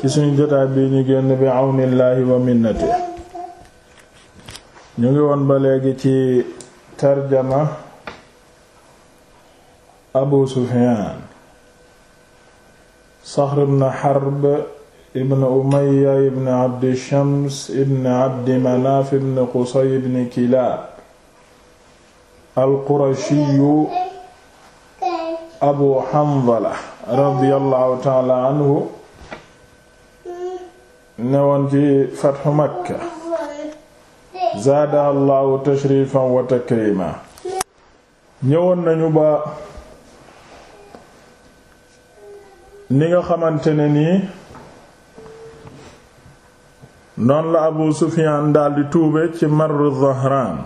ci suñu jotaay bi ñu génn bi àwnillaahi wa minnati ñu ngi woon ba léegi ci tarjama abu sufiyaan saxr ibn harb ibn umaya ibn abdi shams ibn abdi manaaf ibn qusay ibn kilaab al qurashiyu abu hanzala radiyallahu taala anhu newoon ci fatxu makka zaadaha tashrifan wa ñëwoon nañu ba ni nga xamante ne nii noonu la abu sufiyaan daldi tuube ci marru zahraan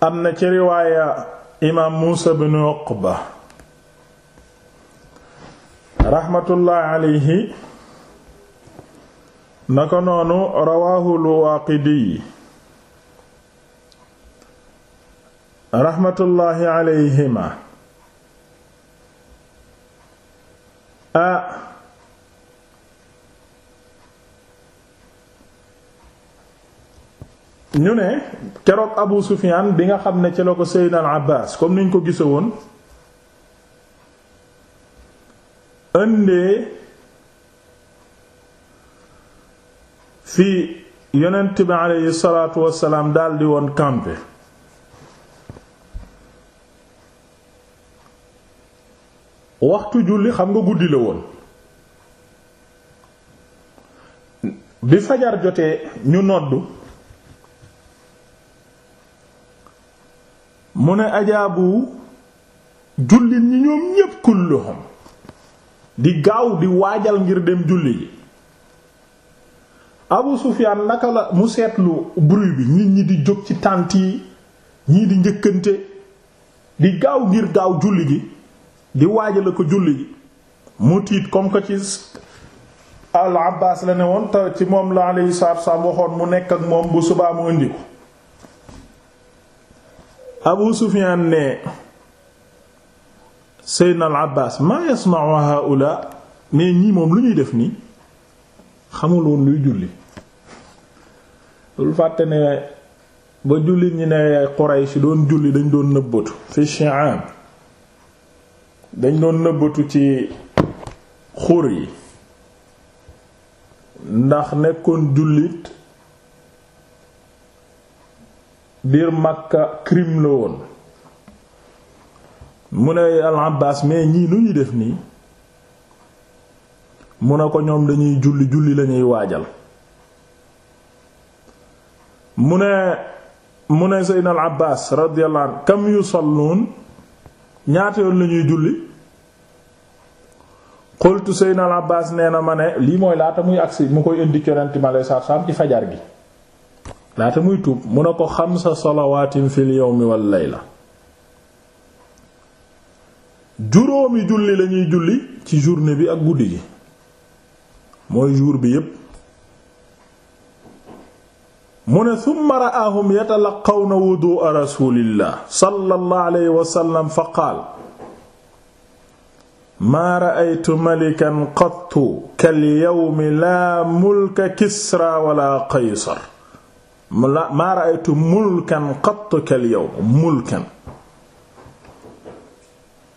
am na ci riwaaya imaam muusa bnu uqba raxmatullahi alayhi naka noonu rawaahu lwaaqidi raxmatullahi alayhima a ñu ne keroog abu sufiyaan bi nga xam ne ci la ko seydina al abbaas comme niñ ko gise woon indee fii yonent bi aleyhi salaatu wassalaam daldi woon campé waxtu julli xam nga guddi la woon bi fajar jotee ñu noddu mu ne ajaabu jullit ñi ñoom ñépp kulluhum di gaaw di waajal ngir dem julli ji Abu Sufyaan naka la mu seetlu bruit bi nit ñi di jóg ci tànt yi ñii di njëkkante di gaaw ngir gaaw julli ji di waajal ko julli ji mu tiit comme que ci al Abbaas la ne woon ci moom la alayhi salaatu wassalaam waxoon mu nekk ak moom bu subaa mu indi ko seydna al abbas maa yasma'u ula mais ñii moom lu ñuy def nii xamul woon luy julli lu fàtte ne ba julli ñi ne si doon julli dañ doon nëbbatu fi shi'ab dañ doon nëbbatu ci xur yi ndax nekkoon jullit biir Makka crime la woon mu ne al Abbaas mais ñii nu ñuy def nii mu ne ko ñoom dañuy julli julli lañuy waajal mu ne mu ne Seydina al Abbaas radiyallahu anhu kam yusalluun ñaata yoon lañuy julli xultu Seydina al Abbaas nee na ma ne lii mooy laata muy agsi mu koy indi coranti ma lay saar ci fajar gi laata muy tuub mu ne ko xamsa salawaatin fil yawmi wal la juróomi julli lañuy julli ci journée bi ak guddi gi mooy jour bi yépp mu ne summa ra'ahum yatalaqawna wudu'a rasulillah sallallahu alayhi wa sallam fa qaal maa ra'aytu malikan qattu kal yawmi laa mulka kisra wala qaysar maa ra'aytu mulkan qattu kal mulkan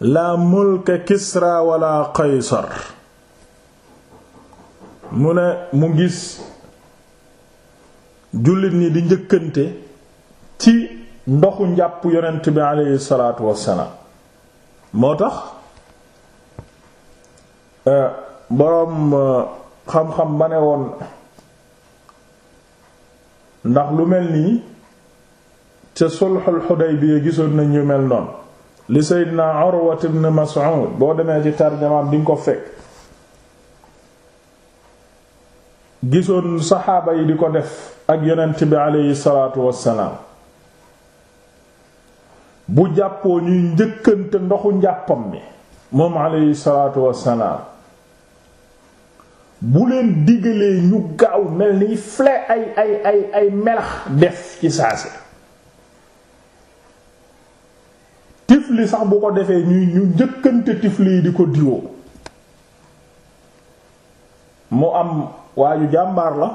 laa mulka kisra wala qaysar mu ne mu gis jullit ñi di njëkkante ci ndoxu njàpp yonent bi aleyhi salaatu wassalaam moo tax euh, boroom euh, xam-xam ba ne woon ndax lu mel nii ca sulxul Xudaybiya gisoon nañ ñu mel noon li Seydina Urwat ibn Mas'ud boo demee ci tarjamaam di nga ko fekk gisoon saxaaba yi di ko def ak yonent bi aleyhi salaatu wassalaam bu jàppoo ñuy njëkkante ndoxu njàppam mi moom aleyhi salaatu wassalaam bu leen digalee ñu gaaw mel ni flé ay ay ay ay melax def ci saase julli sax bu ko defee ñuy ñu njëkkante tifli yi di ko diwoo mu am waayu ju jàmbaar la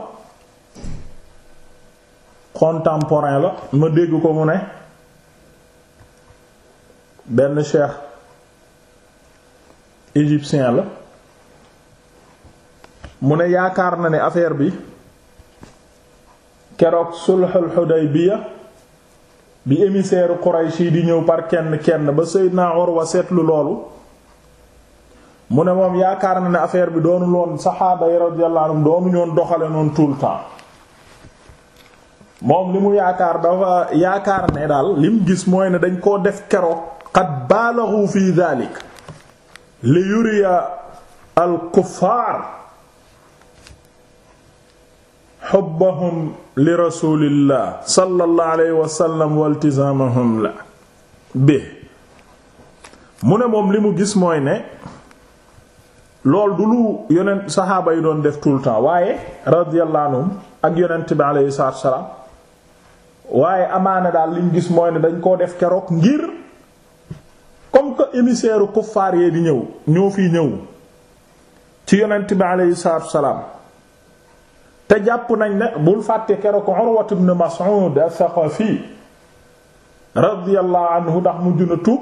contemporain la ma dégg ko mu ne benn cheikh égyptien la mu ne yaakaar na ne affaire bi keroog sulhul Hudaybiya bi émissaire Quraysh yi di ñëw par kenn kenn ba Seydina Urwa seetlu loolu mu ne moom yaakaar na ne affaire bi doonu loon saxaaba yi radiyallahu anhum doonu ñoon doxale noonu tout temps moom li mu yaakaar dafa yaakaar ne daal li mu gis mooy ne dañ koo def keroog qad baalaxu fi dalik li yuriya al xubbahum li rasulillah sallallahu alayhi wa sallam waltizaamahum la bi mu ne moom li mu gis mooy ne lool du lu yonent saxaaba yi doon def tout temps waaye radiyallahu anhum ak yonent bi alayhi salaatu wassalaam waaye amaana daal liñ gis mooy ne dañ koo def keroog ngir comme que émissaire kuffaar yee di ñëw ñoo fi ñëw ci yonent bi alayhi salaatu wassalaam te jàpp nañ ne bul fàtte keroog Urwa ibn Mas'ud as-Saqafi radiyallahu anhu ndax mujj na tuub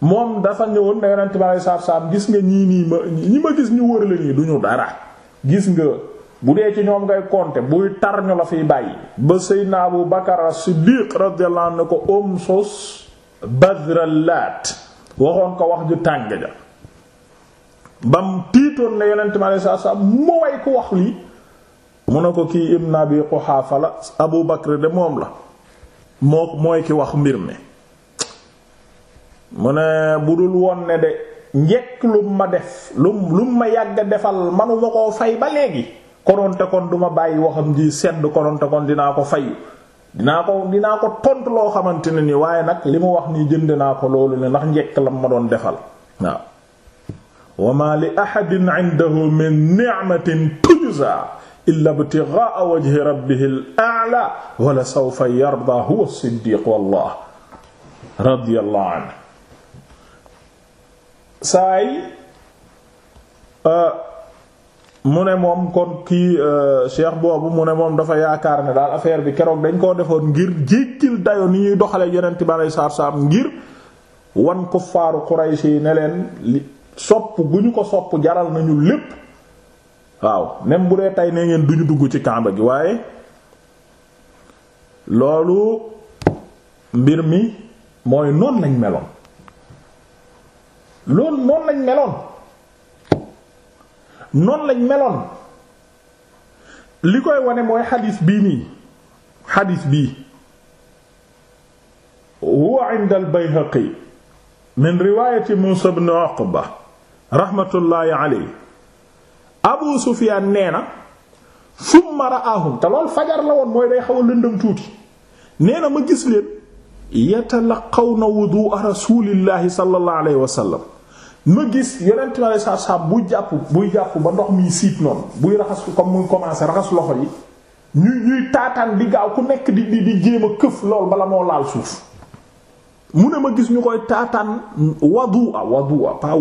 moom dafa ñëwoon ne yonent bi alayhi salaatu salaam gis nga ñii nii ma ñi ma gis ñu wër la nii du dara gis nga bu dee ci ñoom ngay compter buy tar ñu la fiy bàyyi ba Seydina Abu Bakar as-Siddiq radiyallahu na ko umsus badra laat waxoon ko wax ju tàng ja ba mu tiitoon ne yonent mi alayhi salaatu salaam ku wax lii mu ne ko kii ibn abi Quhaafa la Abu Bakr de moom la moo mooy ki wax mbir mi mu ne bu dul woon ne de njekk lum ma def lum lum ma yàgg defal manuma koo fay ba léegi kononte kon duma bàyyi waxam ji sedd kononte kon dinaa ko fay dinaa ko dinaa ko tontu loo xamante ne ni waaye nag li mu wax nii jënd naa ko loolu ne ndax njekk lam ma doon defal waaw wa ma li ahadin indahu min ni'matin tujza illa ibtigha'a wajhi rabbihi al-a'la wa la yarda huwa as-siddiq wallah radiyallahu saay euh, mu moom kon kii euh, cheikh boobu mu moom dafa yaakaar ne daal affaire bi keroog dañ koo defoon ngir jékkil dayo ni ñuy doxale yonent bi aleyhi salaatu salaam ngir wan kuffaaru Quraysh yi sopp gu ñu ko sopp jaral nañu lépp waaw même bu dee tey nee ngeen duñu dugg ci kàmba gi waaye loolu mbir mi mooy noon lañ meloon lool noon lañ meloon noon lañ meloon li koy wane mooy xadis bii nii xadiis bii huwa inda al Bayhaqi min riwaayati Muusa ibn Uqba raxmatullaahi alayhi Abu Sufyaan nee na summa ra'aahum te lool fajar la woon mooy day xaw a lëndëm tuuti nee na ma gis leen xaw na yatalaqawna wudu'a rasuulillaahi sallallaahu alayhi wa sallam ma gis yonent mi alayhi salaatu salaam buy jàpp buy jàpp ba ndox mi siit noonu buy raxas comme muy commencé raxas loxo yi ñuy taataan di gaaw ku nekk di di di jéem a këf lool bala moo laal suuf mu ne ma gis ñu koy taataan wadu a wadu a pas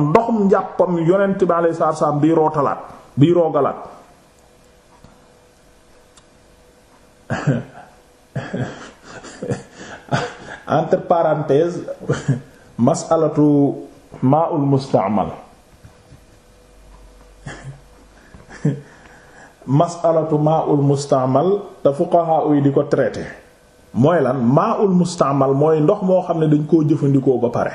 ndoxum njàppam yonent bi alei saatu salaam bii rootalaat bii roogalaat entre parenthèses masalatu maaul mustaamal masalatu maaul mustaamal te fuqaha yi di ko traité mooy lan maa ul mustaamal mooy ndox moo xam ne dañ koo jëfandikoo ba pare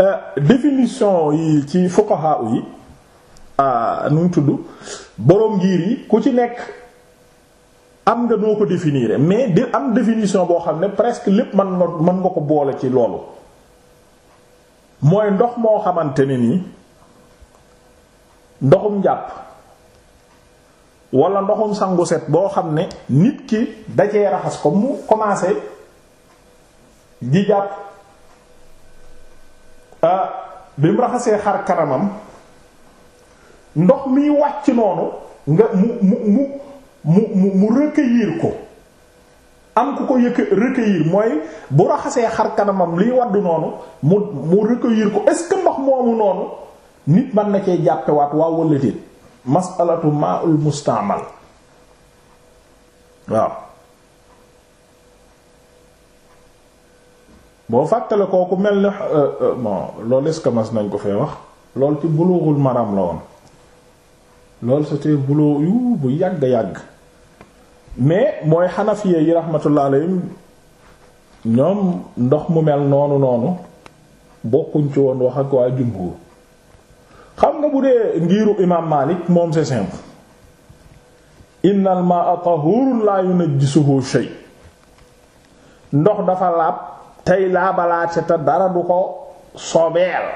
euh, définition yi ci fuqaha yi euh, nu mu tudd boroom ngiir yi ku ci nekk am nga noo ko définir mais di am définition boo xam ne presque lépp mën nga mën nga ko boole ci loolu mooy ndox moo xamante ne nii ndoxum jàpp wala ndoxum sangu set boo xam ne nit ki dajee raxas ko mu commencé di jàpp ah bi mu raxasee xar kanamam ndox miy wàcc noonu nga mu mu mu mu mu mu recueillir ko am ku ko yëkk recueillir mooy bu raxasee xar kanamam liy waddu noonu mu mu recueillir ko est-ce que ndox moomu noonu nit mën na cee jàppewaat waaw walla déet masalatu maaul mustaamal waaw boo fàttale kooku mel ni euh, euh, bon loolu est nañ ko fee wax loolu ci bulughul maram la woon loolu c'était bulugh yu bu yàgg-yàgg mais mooy xanafiye yi rahmatullah alayhim ñoom ndox mu mel noonu noonu bokkuñ ci woon wax ak waa jumhur xam nga bu dee ngiiru imaam Maalik moom c'est simple innal ma'a tahurun la yunajjisuhu shay ndox dafa laab tey laabalaate te dara du ko sobeel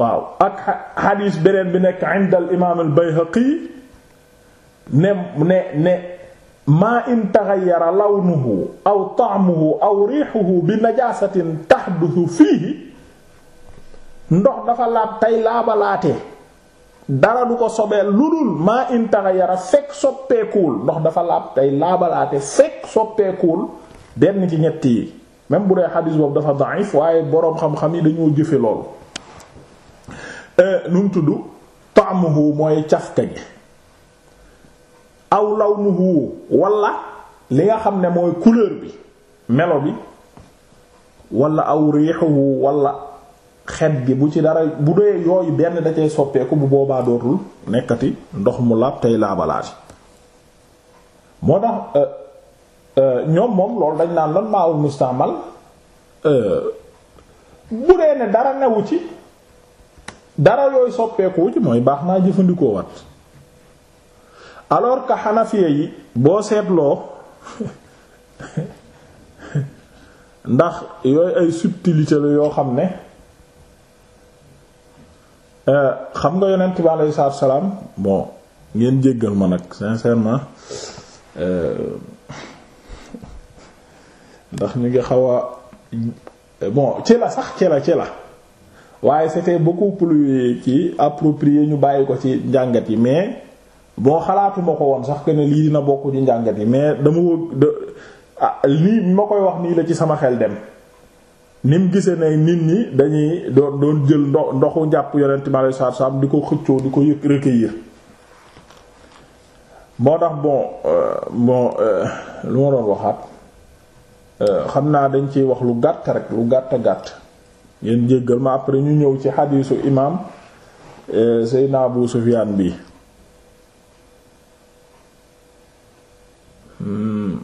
waaw ak xadiis beneen bi nekk inda al imaam al Bayhaqi ne ne ne maa in taghayyara lawnuhu aw ta'muhu aw riihuhu bi najaasatin tahdusu fiihi ndox dafa laat tey laabalaatee dara du ko sobee lu dul maa in taxayara fekk soppeekuwul ndox dafa laab tey laabalaate fekk soppeekuwul benn ci ñett yi même bu dee xadis boobu dafa da'if waaye boroom xam-xam yi dañoo jëfe loolu euh, nu mu tudd ta'muhu mooy cafka gi aw lawnuhu wala li nga xam ne mooy couleur bi melo bi wala aw riixuhu wala xet gi bu ci dara bu dee yooyu benn da soppeeku bu boobaa dootul nekkati ndox mu laab tey laabalaati moo tax euh, euh, ñoom moom loolu dañ naan lan maawul mustaamal euh, bu dee ne dara newu ci dara yooyu soppeeku ci mooy baax naa jëfandikoo wat alors que xanafiye yi boo seetloo ndax yooyu ay subtilité la yoo xam ne xam nga yonent bi alayhi salaatu salaam bon ngeen jéggal ma nag sincèrement euh, ndax ñu ngi xaw a bon ci la sax ci la ci la waaye c'était beaucoup plus ci approprier ñu bàyyi ko ci njàngat yi mais boo xalaatuma ko woon sax que ne lii dina bokk ci njàngat yi mais dama wóog de ah lii ma koy wax nii la ci sama xel dem. ni mu gisee ne nit ñi dañuy doon doon jël ndox ndoxu njàpp yonent bi aleyhi di ko xëccoo di ko yëg recueillir moo tax bon euh, euh, lu ma doon waxaat euh, xam naa dañ ciy wax lu gàtt rek lu gàtt gàtt ngeen jéggal ma après ñu ñëw ci xadiisu imaam Seydina Abu Sufyaan bi hmm,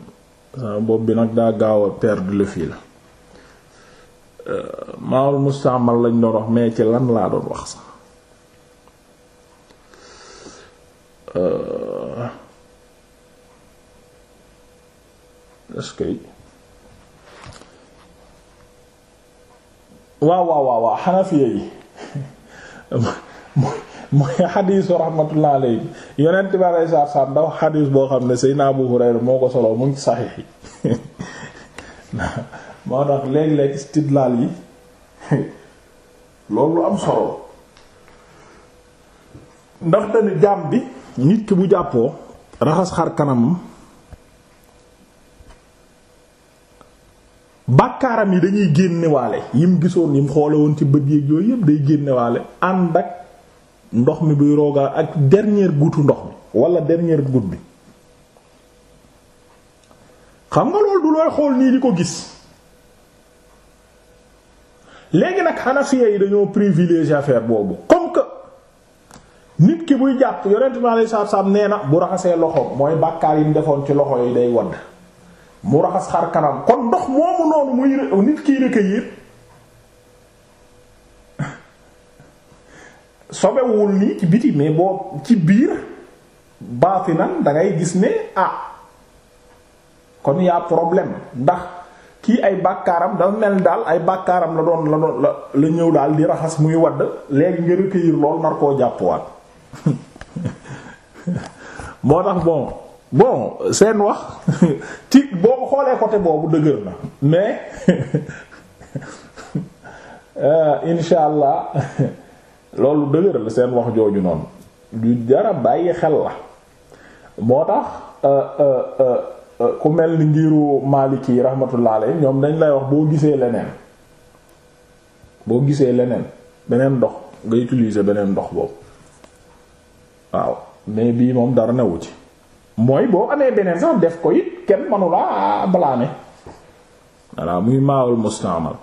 sama bopp bi nag daa gaaw a perdre le fil Euh, maawul mustaamal lañ doon wax mais ci lan laa doon wax sax euh, est-ce que waaw waaw waaw waaw xanafiya yi mooy xadiisu raxmatullah alayhi yonent bi alayhi salaatu salaam xadiis boo xam ne Seydina Abu Hurayra moo ko solo mu saxiix yi moo tax léeg-léeg istidlaal yi loolu am solo ndax dañu jaam bi nit ki bu jàppoo raxas xar kanamam bàkkaaram yi dañuy génnewaale yim gisoon yim xoole woon ci bët yéeg yooyu yëpp day génnewaale ànd ak ndox mi buy roogaal ak dernière goutte ndox mi wala dernière goutte bi xam nga loolu du looy xool nii di ko gis léegi nag xanafiya yi dañoo privilégié affaire boobu comme que nit ki buy jàpp yonent bi alayhi salaatu salaam nee na bu raxasee loxoom mooy bàkkaar yi mu defoon ci loxo yi day wadd mu raxas xar kanam kon ndox moomu noonu muy nit kiy recueillir sobewul nii ci biti mais boo ci biir baatinan da dangay gis ne ah kon y'a problème ndax kii ay bàkkaaram dafa mel ni daal ay bàkkaaram la doon la doon la la ñëw daal di raxas muy wadd léegi nga recueillir lool nar koo jàppwaat moo tax bon bon seen wax ci boo xoolee côté boobu dëgër na mais euh, insha loolu dëgër la seen wax jooju noonu du jara bàyyi xel la moo tax euh, euh, Euh, ku mel ni ngiru Maliki yi rahmatullah alayhi ñoom dañ lay wax boo gisee leneen boo gisee leneen beneen ndox nga utiliser beneen ndox boobu waaw mais bii moom dara newu ci mooy boo amee beneen sax def ko it kenn manula blâmer voilà muy maawul mustaamal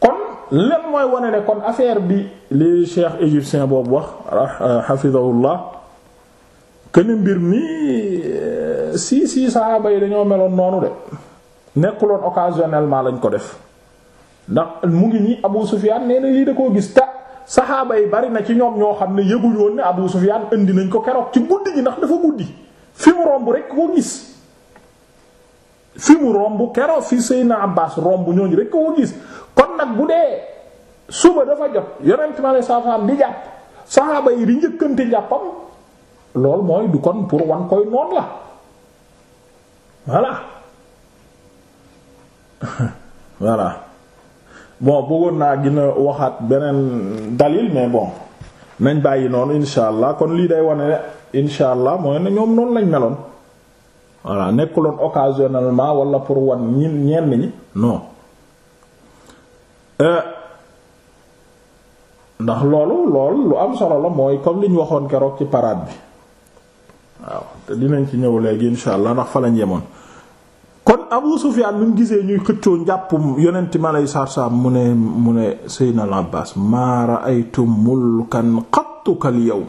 kon len mooy wane ne kon affaire bi li cheikh égyptien boobu wax euh, hafidahullah ken mbir mi si si saxaaba yi dañoo meloon noonu de nekkuloon occasionnellement lañ ko def ndax mu ngi nii Abu Sufyaan nee na lii da koo gis ta saxaaba yi bari na ci ñoom ñoo xam ne yëguñu woon ne Abu Sufyaan indi nañ ko keroog ci guddi gi ndax dafa guddi fi mu romb rek ko gis. fi mu romb keroog fi Seydina Abbaas romb ñooñu rek ko gis kon nag bu dee suba dafa jot yonent ma ne saxaam di jàpp saxaaba yi di njëkkante jàppam loolu mooy du kon pour wan koy noon la. voilà voilà bo bëggoon naa gën waxaat beneen dalil mais bon nañ bàyyi noonu insha allah kon lii day wane ne insha allah mooy ne ñoom noonu lañ meloon voilà nekkuloon occasionnellement wala pour wan ñi ñenn ñi non euh, ndax loolu lool lu am solo la mooy comme liñ waxoon keroog ci paraat bi waaw te dinañ ci ñëw léegi insha allah ndax fa lañ yemoon kon Abu Sufyaan mu gisee ñuy xëccoo njàppum yonent ma lay sarsam mu ne mu ne Seydina al Abbaas maa ra'aytu mulkan qattu kal yawm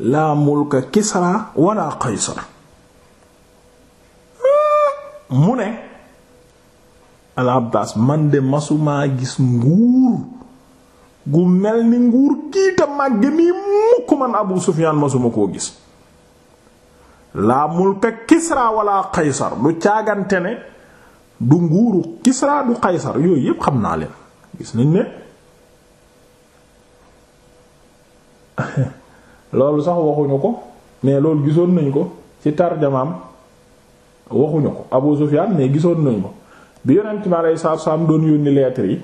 laa mulka Kisra wala Qaysar mu ne al man de masumaa gis nguur gu mel ni nguur kii te màgg nii mukk man Abu Sufyaan masuma koo gis laa mulka kisra wala qaysar du caagante ne du nguuru kisra du qaysar yooyu yépp xam naa leen gis nañ ne loolu sax waxuñu ko mais loolu gisoon nañ ko ci tarjamaam waxuñu ko Abu Sufyan mais gisoon nañ ko bi yonent mi alayhi salaatu salaam doon yónni lettre yi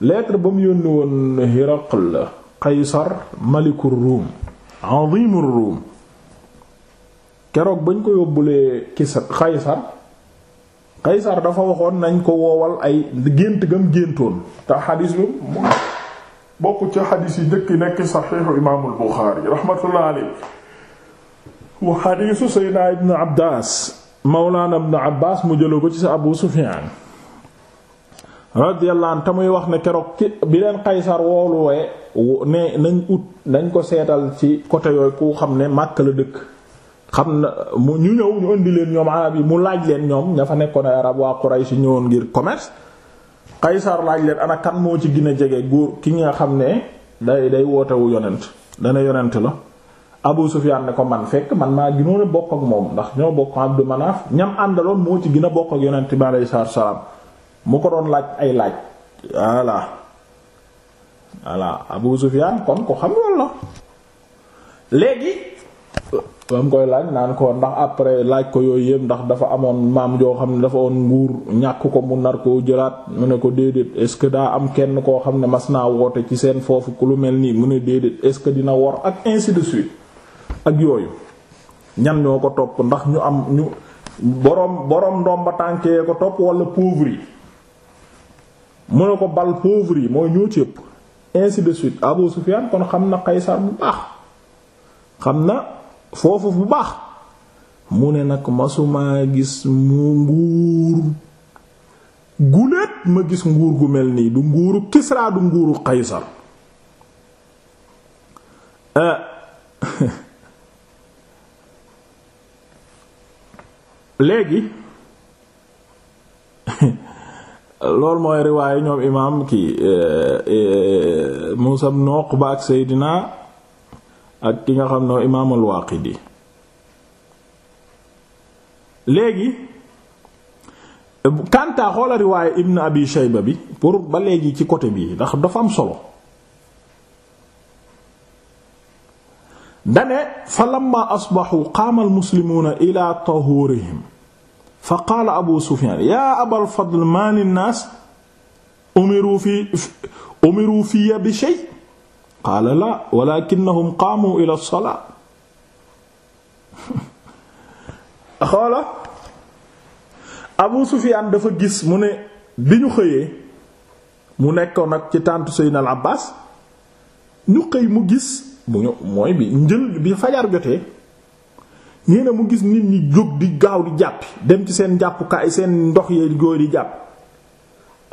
lettre ba mu yónni woon Hiraql Qaysar malikur Rum azimur Rum keroog bañ ko yóbbulee kis Kaysar Kaysar dafa waxoon nañ ko woowal ay gént gam géntoon te xadiis bi bokk ci xadiis yi njëkk nekk saxiixu imaamul Buxaari raxmatullahi alayhi wa xadiisu Seydina Ibn Abbaas Mawlaana Ibn Abbaas mu jëloo ko ci sa Abu Sufyaan radiyallahu anhu te muy wax ne keroog ci bi leen Qaysar wooluwee ne nañ ut nañ ko seetal ci côté yooyu ku xam ne màkk la dëkk xam na mu ñu ñëw ñu indi leen ñoom arab yi mu laaj leen ñoom ña fa nekkoon ay arab waa Quraysh ñëwoon ngir commerce Qaysar laaj leen ana kan moo ci gin a jege góor ki nga xam ne day day wootewu yonent dana yonent la Abu Sufyan ne ko man fekk man maa gënoon a bokk ak moom ndax ñoo bokk Abdu Manaf ñam àndaloon moo ci gin a bokk ak yonent bi alayhi salaam mu ko doon laaj ay laaj voilà voilà Abu Sufyan kon ko xam loolu léegi ba mu laaj naan ko ndax après laaj ko yooyu yëpp ndax dafa amoon maam joo xam ne dafa woon nguur ñàkk ko mu nar koo jëlaat mu ne ko déedéet est-ce que daa am kenn koo xam ne mas naa woote ci seen foofu ku lu mel nii mu ne déedéet est-ce que dina wor ak ainsi de ak yooyu ñan ñoo ko topp ndax ñu am ñu boroom boroom ndomba tànkee ko topp wala pauvre yi mu ne ko bal pauvre yi mooy ñoo ci ëpp ainsi de suite Abu Sufyan kon xam na Qaysar bu baax xam na foofu bu baax mu ne nag masumaa gis mu nguur guléet ma gis nguur gu mel nii du nguuru Kisra du nguuru Qaysar euh, léegi loolu mooy riwaayu ñoom imaam ki euh, euh, Musab Noq ba ak seydinaa ak ki nga xam ne imaam al-Waaqidi léegi Kanta xoola riwaaye Ibn Abi Shayba bi pour ba léegi ci côté bi ndax dafa am solo dane fa lamma asbaxu qaama almuslimuuna ila tahuurihim fa qaala abu sufyaan yaa abal fadl maa linnaas umiru fi umiru fiya bi shay qaala laa walaakinnahum qaamu ila salaa xoola Abu Sufyaan dafa gis mu ne bi ñu xëyee mu nekkoon nag ci tàntu Seydina al Abbaas ñu xëy mu gis mu ñu mooy bi njël bi fajar jotee ñeena mu gis nit ñi jóg di gaaw di jàpp dem ci seen jàppukaay seen ndox yee góor yi jàpp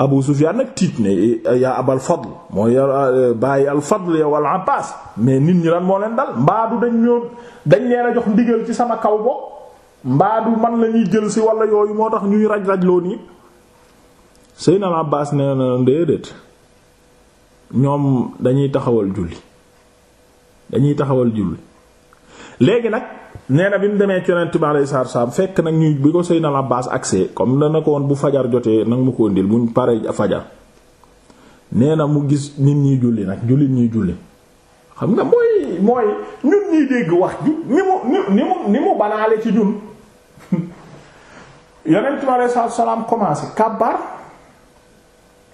Abu Sufyaan nag tiit ne eh, yaa abal fadl mooy eh, bàyyi al fadl yow al Abbaas mais nit ñi lan moo leen dal mbaadu dañ ñoo dañ leen a jox ndigal ci sama kaw mbaa mbaadu man lañuy ñuy jël si wala yooyu moo tax ñuy raj raj loo nii sëy al Abbaas nee na déedéet ñoom dañuy taxawal julli dañuy taxawal julli léegi nag nee bi mu demee ci yonent bi alayhi fekk nag ñu bi ko Seydina Abbaas agsee comme dana ko woon bu fajar jotee nag mu ko ndil buñ pare fajar nee na mu gis nit ñi julli nag jullit ñi julli xam nga mooy mooy ñun ñuy dégg wax ju ni mu ni mu ni mu banaale ci ñun yonent bi alayhi salaatu wassalaam commencé kàbbar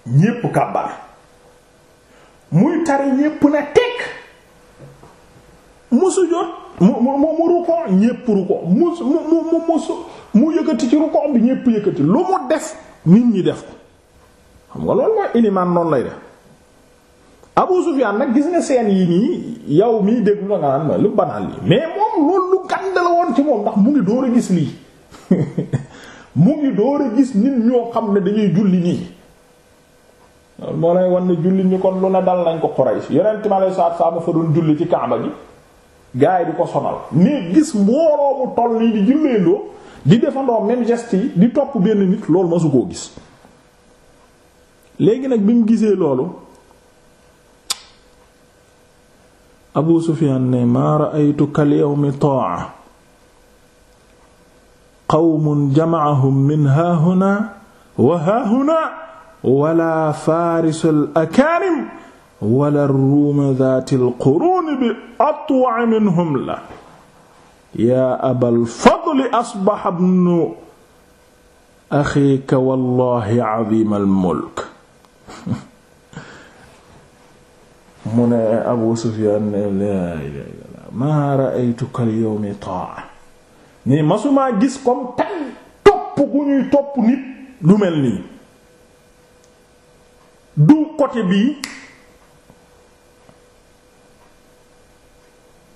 ñépp kàbbar muy tari ñépp na tekk mu sujjóot mu mu mu rukkoo ñépp rukkoo mu mu mu mu mu yëkkati ci rukkoo bi ñépp yëkkati lu mu def nit ñi def ko xam nga loolu mooy ilimaan noonu lay def Abu Sufyaan nag gis nga seen yi nii yow miy dégg la nga naan ma lu banal lii mais moom loolu lu ci moom ndax mu ngi door a gis lii mu ngi door a gis nit ñoo xam ne dañuy julli nii loolu moo lay wan ne julli ñi kon lu ne dal nañ ko Quraysh yonent mi alayhi salaatu wa salaam fa doon julli ci Kaaba gi gars yi di ko sonal mais gis mbooloo mu nii di julleendoo di defandoo même di topp benn nit loolu masu koo gis léegi nag bi mu gisee loolu Abu Sufyaan ne maa ra'aytu kal yawmi ta'a qawmun jama'ahum min haahuna wa haahuna wala faarisul akaarim wala ruuma dhaatil quruun ya'tuuni bi atwa'i minhum la yaa abal fadli asbaha ibnu axiika wallaahi aziimal mulk mu ne Abu Sufyaan ne laa ilaaha illallaah maa ra'aytuka al-yawma taa'a nii masumaa gis comme tey topp gu ñuy topp nit lu mel nii du côté bii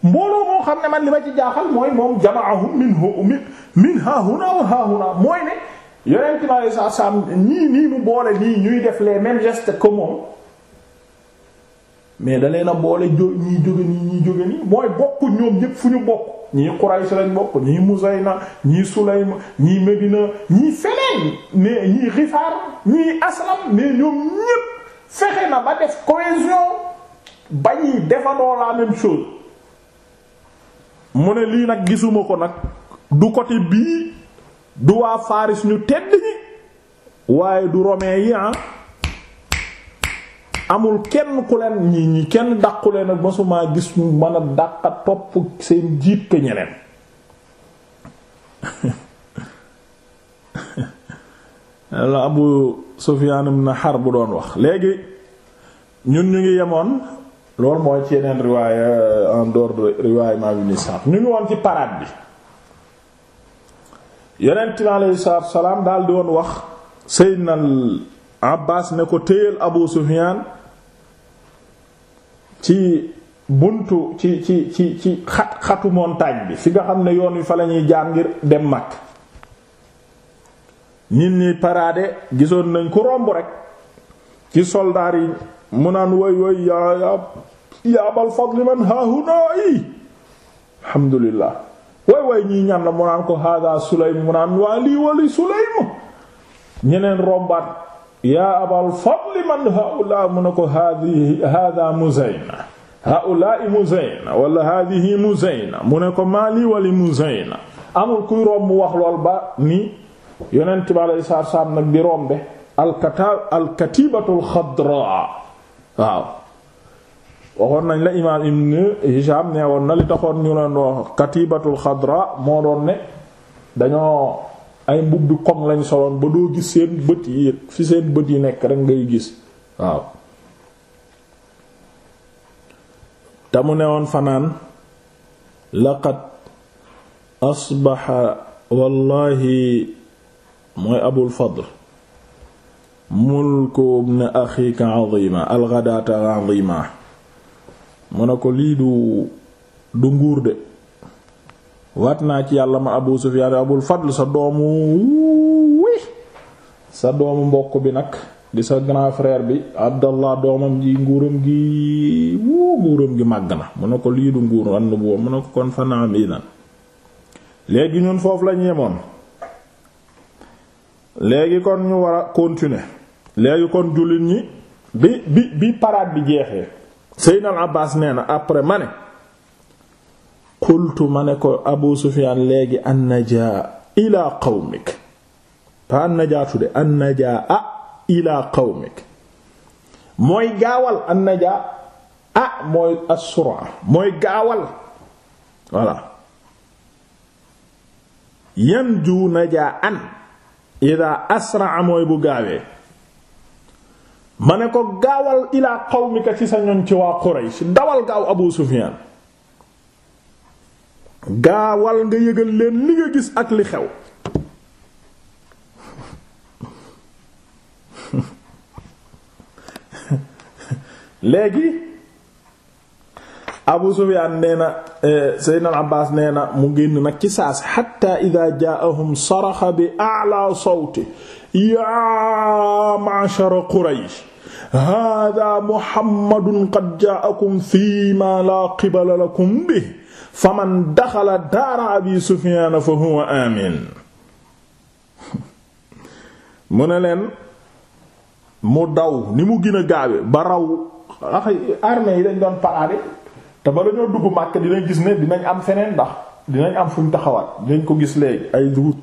mbooloo moo xam ne man li ma ci jaaxal mooy moom jamaahum min min min hahuna wa hahuna mooy ne yonent bi alei satu salaam nii mu boole nii ñuy def les mêmes gest que moom mais da leen a boole jó ñii jóge nii ñii jóge nii mooy bokk ñoom ñépp fu ñu bokk ñii Quraysh lañ bokk ñii Muzayna ñii Sulaym ñii Medina ñii feneen mais ñii Ghifaar ñii Aslam mais ñoom ñépp fexe na ba def cohésion bañuy defandoo la même chose mu ne lii nag gisuma ko nag du côté bii du waa Faris ñu tedd ñi waaye du romain yi ah. amul kenn ku leen ñi ñi kenn dàqu leen ak masumaa gis ñu mën a dàqa topp seen jiit ko ñeneen la Abu Sufyan ibn Harb bu doon wax léegi ñun ñu ngi yemoon loolu mooy ci yeneen riwaaya euh, en dehors de riwaaya ma bi ñu woon ci parade bi yeneen mi aleyhi salaatu salaam daal di woon wax na Abbas ne ko téyal Abu Sufyaan ci buntu ci ci ci ci xat xatu montagne bi fi nga xam ne yoon wi fa lañuy jaar ngir dem mag nit ñi parade gisoon nañ ku romb rek ci soldaar yi mu naan woy woy yaa yaa abal fadli man haahunaa i alhamdulillah waay waay ñii ñan la mu ko hada sulaym mu naan waa lii wali sulaym ñeneen rombaat yaa abal fadli man haula mu ne ko hadi hada muzayna haula muzayna wala hadihi muzayna mu ne ko maa lii wali muzayna amul kuy romb wax lool ba ni yonent bi alayhi salaatu nag di rombe alkata alkatibatul xadra waxoon nañ la imaam ibn Hisham nee woon na li taxoon ñu leen wax katibatul xadra moo doon ne dañoo ay mbubbi koŋ lañ soloon ba doo gis seen bët yi fi seen bët yi nekk rekk ngay gis waaw te mu ne woon fanaan laqad asbaxa wallahi mooy abul fadl mulku ibn axika alxadaata azima mu ne ko lii du du nguur de wat naa ci yàlla ma abu sufiyaan abul fadl sa doomu wi sa doomu mbokk bi nag di sa grand frère bi abdallah doomam ji nguuram gi wuu nguuram gi màgg na mu ne ko lii du nguur ànd boobu mu ne ko kon fanaam idan léegi ñun foofu la yemoon léegi kon ñu war a continuer léegi kon jullit ñi bi bi bi parade bi jeexee Seydina Abbaas nee na après ma ne qultu ma ne ko Abu Sufyaan léegi an najaa ilaa qawmik pa najaatu de an najaa a ilaa qawmik mooy gaawal an najaa a mooy as-sur'a mooy gaawal voilà yanju najaa an idaa asra'a mooy bu gaawee ma ne ko gaawal ilaa qawmika ci sa ñoñ ci waa Quraysh dawal gaaw Abu Sufyan gaawal nga yëgal leen li nga gis ak li xew léegi Abu Sufyaan nee na eh, Seydina Abbaas nee na mu génn nag ci saas xatta idaa jaa'ahum saraxa bi a'laa sawti yaa ma'shara Quraysh hada muhammadun qad ja'akum fi ma la qibala lakum bi faman daxala daara abi sufyaan fa huwa amin mu ne leen mu daw ni mu gën a gaawe ba raw ah, armée yi dañ doon parade te ba dañoo dugg Makka dinañ gis ne dinañ am feneen ndax dinañ am fuñ taxawaat dinañ ko gis léegi ay dugg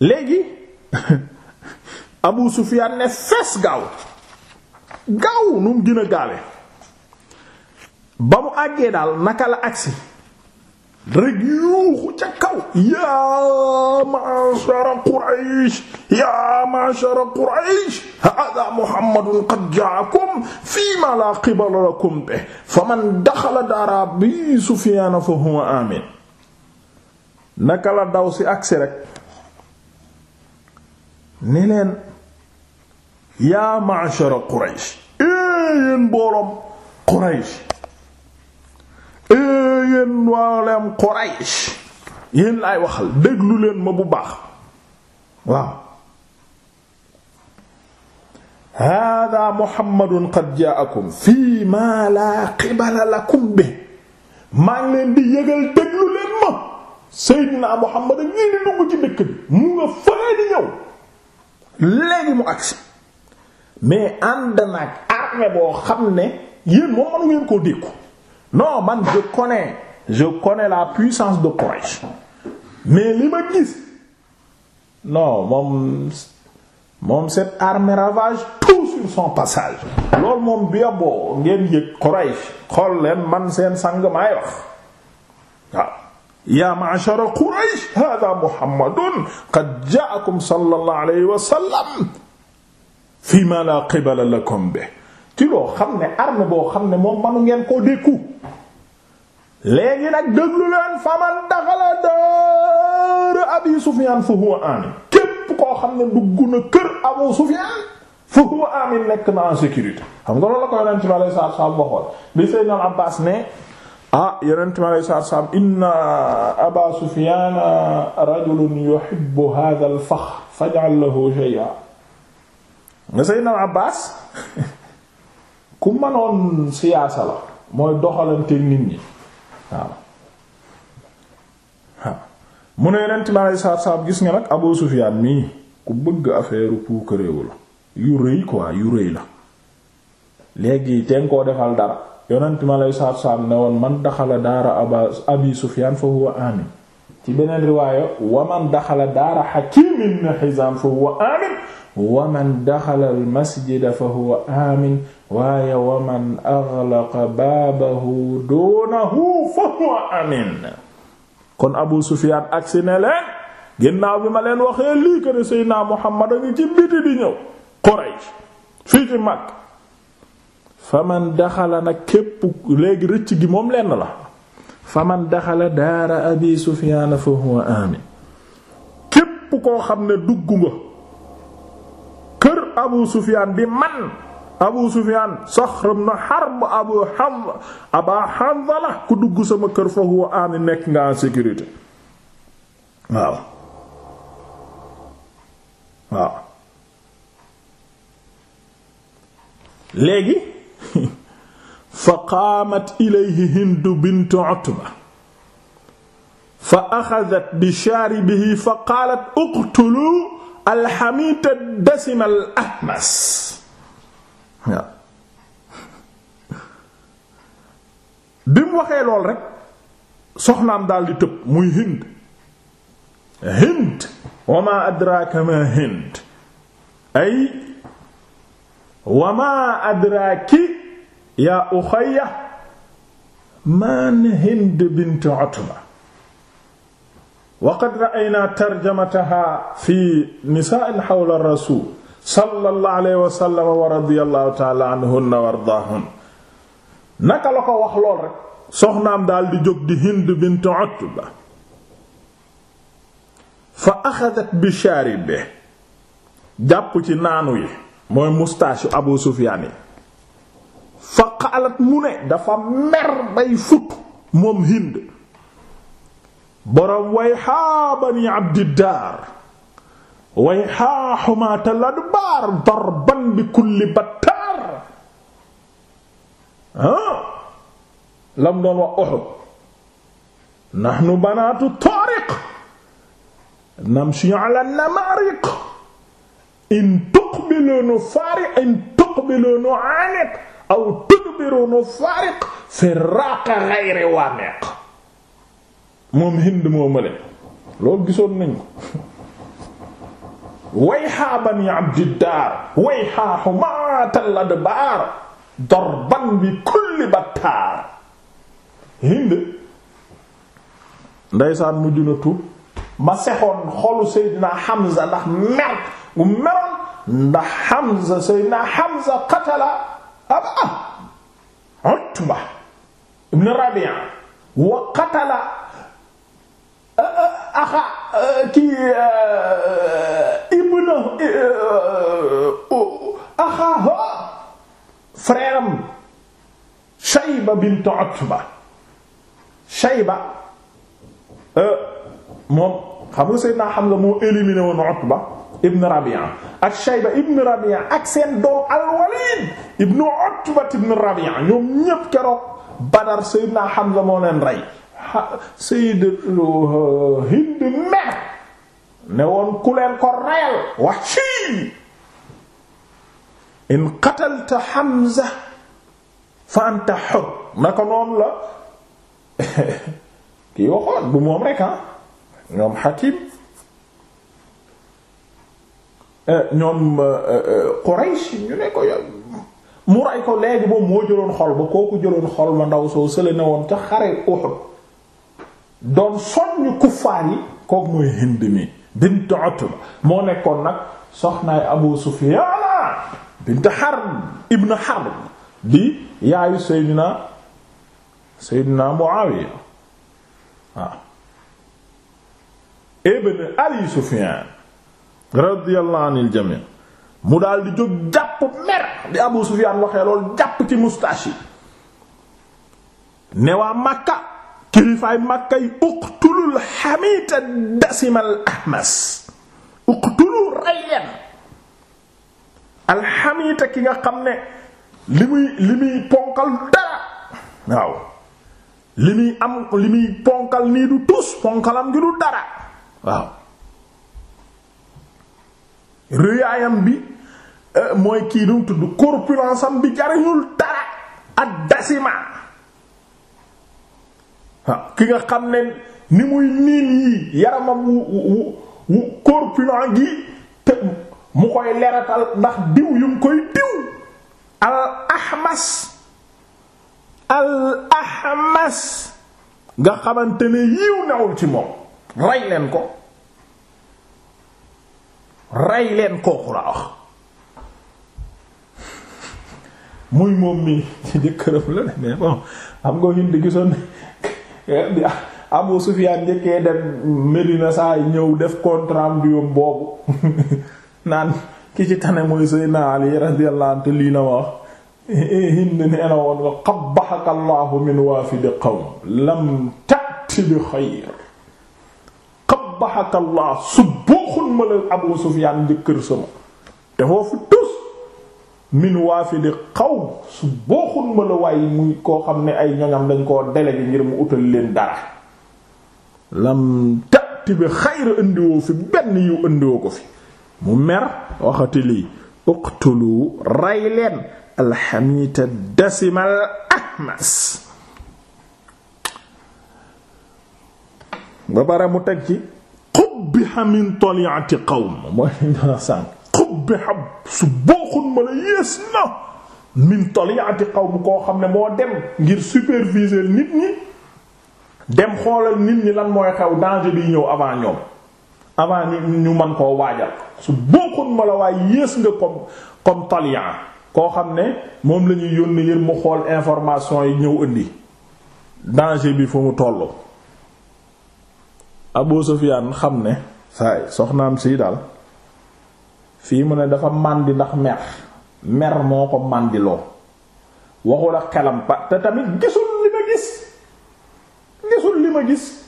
léegi Abu Sufyaan ne fees gaaw gaaw nu mu gën a ba mu àggee daal naka la agsi rek yuuxu ca kaw yaa ma'shara Quraysh yaa Muhammadun qad ja'akum fiimaa laa qibala lakum bihi faman daxala daara Abi Sufyaan fa huwa aamin naka la daw si agsi rek ne leen yaa ma'shara Quraysh ee eh, yéen mbooloom Quraysh ee eh, yéen mbooloom Quraysh yéen laay waxal déglu leen ma bu baax waaw hada Muhammadun qad ja'akum fii ma laa qibala lakum bi maa ngi leen di yëgal déglu leen ma Seydina Muhammad a ngi dugg ci dëkk bi mu nga fële di ñëw léegi mu agsi mais ànd nag armée boo xam ne yéen moom mënu ngeen koo dékku non man je connais je connais la puissance de Quraish mais li ma gis non moom moom cette armée ravage tout sur son passage loolu moom bi yoboo ngeen yëg Quraish xool leen man seen sang maay wax waaw ya ma'shara Quraish hada Muhammadun qad ja'akum sallallahu alayhi wa fii ma la qibala lakum bi ci loo xam ne arme boo xam ne moom manu ngeen koo dékku léegi nag déglu leen faman daxala dër abi sufiyaan fa huwa amin képp koo xam ne dugg na kër abu sufiyaan fa huwa amin nekk na en sécurité xam nga loolu la ko yonent mi alay saatu salaam waxoon bi seydina Abbaas ne ah yonent mi alay saatu salaam inna aba sufiyaan rajulun yuhibbu hadha al fakhr faj'al lahu shay'a nga Seydina Abbaas ku mënoon siyaasa la mooy doxalanteeg nit ñi waaw mu ne yonent bi aleyhi salaatu salaam gis nga nag Abu Sufyaan mii ku bëgg affaire puukareewu la yu rëy quoi yu rëy la léegi teen koo defal dara yonent bi aleyhi salaatu salaam ne woon man daxala daara aba abi Sufyaan fa huwa amin ci beneen riwaaya wa man daxala daara Hakiim ibn Hizaam fa huwa amin wa man daxala almasjida fa huwa aamin waaye wa man baabahu doonahu fa huwa aamin kon abu sufiyaan agsi ne leen ginnaaw bi ma leen waxee lii ko ne seydinaa muhammad a ngi ci biti di ñëw quraysh fii ci mag fa man daxala nag képp léegi rëcc gi moom lenn la fa man daxala daara abi sufiyaan fa huwa aamin képp koo xam ne dugg nga abu sufyaan bi man abu sufyaan saxr ibn harb abu hamza aba hanzala ku dugg sama kër fa huwa aami nekk nga en sécurité waaw waaw léegi fa qaamat ilayhi hind bint utba fa axadat bi shaaribihi fa qaalat uqtulu alxamid dasim al ahmas waaw mu waxee lool rek soxnaam daal di tëb muy hind hind wa ma ma hind ay wa ma adraki ya uxayya hind bint utba waqad ra'aynaa tarjamataha fi nisaa'in hawla rasuul sallallahu alayhi wa sallam wa radiyallahu ta'ala wa ardaahunna naka la ko wax lool rek soxnaam daal di jóg di Hind bint Utba fa axadat bi jàpp ci naanu yi mooy mustaasu Abu Sufyaan fa qaalat mu ne dafa mer bay fut moom Hind boroom way xaa bani abdiddaar way xaa xumaata ladbaar darban bi kulli battaar lam doon wax Uhud nahnu banaatu taariq namshi ala namaariq in tuqbilu nu faariq in tuqbilu nu aaniq aw tudbiru nu faariq firaaqa ghayri waamiq moom hind moo mële loolu gisoon nañ ko wayhaa bani abdiddaar wayhaa humaatal adbaar dorban bi kulli battaar hind ndeysaan mujj na tuub ma sexoon xolu Seydina Hamza ndax mer gu meroon ndax Hamza Seydina Hamza qatala aba Utba ibn Rabi'a wa qatala axa kii ibna axaho frère am Shayba bint Utba Shayba euh, moom xam nga Seydina Hamza moo éliminé woon Utba ibn Rabi'a ak Shayba Rabi'a ak seen doom al-Walid ibn Utba ibn Rabi'a ñoom ñépp keroog Badar Seydina Hamza moo leen rey sayyid Hind mer ne woon ku leen ko reyal Wahshi in qatalta Hamza fa anta hur naka noonu la kii waxoon du moom rek ah ñoom Hakim eh, ñoom eh, eh, Quraysh ñu ne ko yow mu rey ko léegi ba moo jëloon xol ba kooku jëloon xol ma ndaw soo sële ne woon ca xare Uhud doon soññ kuffaar yi kooku mooy Hind mi bint Utba moo nekkoon nag soxnaay Abu Sufyaan bint Harb ibn Harb di yaayu Seydina Seydina Muawiya ah. ibn Ali Sufyaan radiyallahu anil jamii mu daal di jóg jàpp mer di Abu Sufyaan waxee loolu jàpp ci moustache yi ne kilifaay Makka yi uqtulul xamita dasimal ahmas uqtulu rey leen alxamita ki nga xam ne li muy li muy ponkal dara waaw li muy am li muy ponkal nii du tus ponkalam gi du dara waaw rëyaayam bi eh, mooy kii dum tudd corpulence am bi jariñul dara ak dasima waaw ki nga xam ne ni muy niin yii yaramam wu wu wu corpulent gi te mu koy leratal ndax diw yu ngi koy diw al ahmas al ahmas nga xamante ne yiw newul ci moom rey leen ko rey leen kooku laa wax muy moom mi ci jëkkëram la ne mais bon xam nga Hind gisoon bi eh, Abu Sufyaan njëkkee dem Medina saa ñëw def contrat biyom boobu naan ki ci tane mooy Seydina Ali radiyallahu anhu te lii la wax Hind nee na woon nga qabbahaka Allahu min waafidi qawm lam ta'ti bi xayr qabbahaka Allah subuuxun ma la Abu Sufyaan njëkkër sama te foofu tus min waafidi xaw su booxul ma la waaye muy koo xam ne ay ñoñam dañ koo délégué ngir mu utal leen dara lam tati bi xayra indiwoo fi benn yiw indiwoo ko fi mu mer waxati lii uqtulu rey leen alxamita dasimal ahmas ba mu teg ci xubbi xamin xaw qawm mooy liñ sànk xubbi xab su booxun ma la yées na min taliati xaw bu koo xam ne moo dem ngir superviser nit ñi dem xoolal nit ñi lan mooy xaw danger bi ñëw avant ñoom avant ñu mën koo waajal su booxun ma la waaye yées nga comme comme koo xam ne moom lañuy ñuy yónni ngir mu xool information yi ñëw indi danger bi fu mu tollu Abu xam ne saay soxnaam si daal fii mu ne dafa màndi ndax mer mer moo ko màndiloo waxul ak xelam pa te tamit gisul li ma gis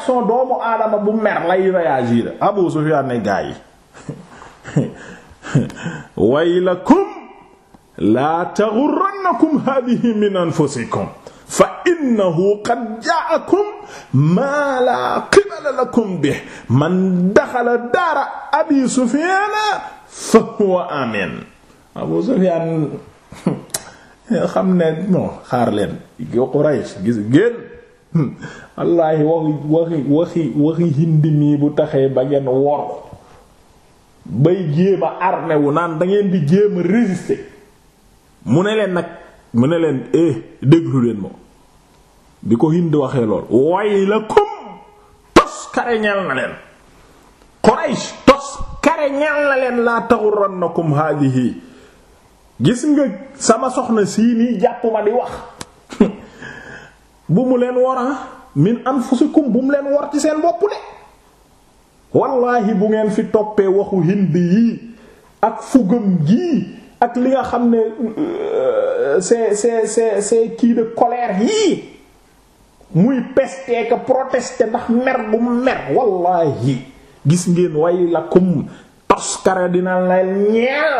gisul doomu aadama bu mer lay réagir Abu Sufyaan ne gaa yi waylakum laa taxurrannakum haadihi min anfusikum fa innahu qad ja'akum maa laa qibala lakum bihi man daxala daara abi Sufyaan fa huwa amin Abu Sufyaan xam ne non xaar leen yo Quraysh gis génn wallaahi waxi waxi waxi waxi hindi mii bu taxee ba ngeen wor bay jéem a armé wu naan da ngeen di jéem a mu ne leen nag mu ne leen eh déglu leen moom bi ko hind waxee lool way la kom tos kare na leen Quraysh kare ñaan la leen laa taxurannakum haadihi gis nga sama soxna sii nii jàpp ma di wax bu mu leen wora ah, min anfusikum bu mu leen war ci seen bopp de wallaahi bu ngeen fi toppee waxu hind yii ak fugam gii ak li nga xam ne euh, c'est c'est c'est c'est kii koleer colère yii muy pester que protester ndax mer bu mer wallaahi gis ngeen way lakum toskare dina la ñeel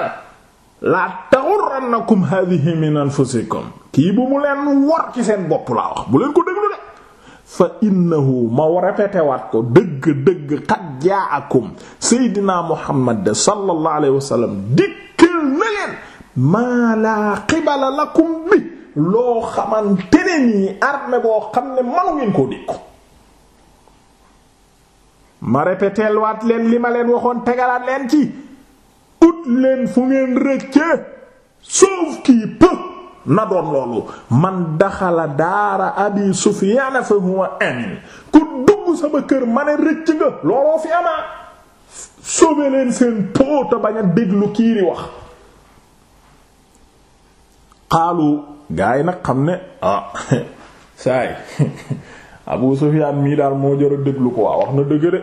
la taxurannakum hadhihi min anfusikum kii bu mu leen wor ci seen bopp laa wax bu leen ko déglu de fa innahu ma répété dëgg dëgg qad jaakum seydina muhammad sallallahu alayhi wasallam dikkal na maa laa qibala lakum bi loo xamante ne nii arme boo xam ne manu ngeen koo dékku ma répéteel waat leen li ma leen waxoon tegalaat leen ci ut leen fu ngeen rëcce sauf kii peu na doon loolu man daxala daara abi sufyaan fa huwa amin ku dugg sama kër ma ne rëcc nga looloo fi amaa sauver leen seen poota bañ a déglu kii di wax xaalu gaa yi nag xam ne ah saay Abu Sufyaan mii daal moo jër a déglu ko waa wax na dëgg de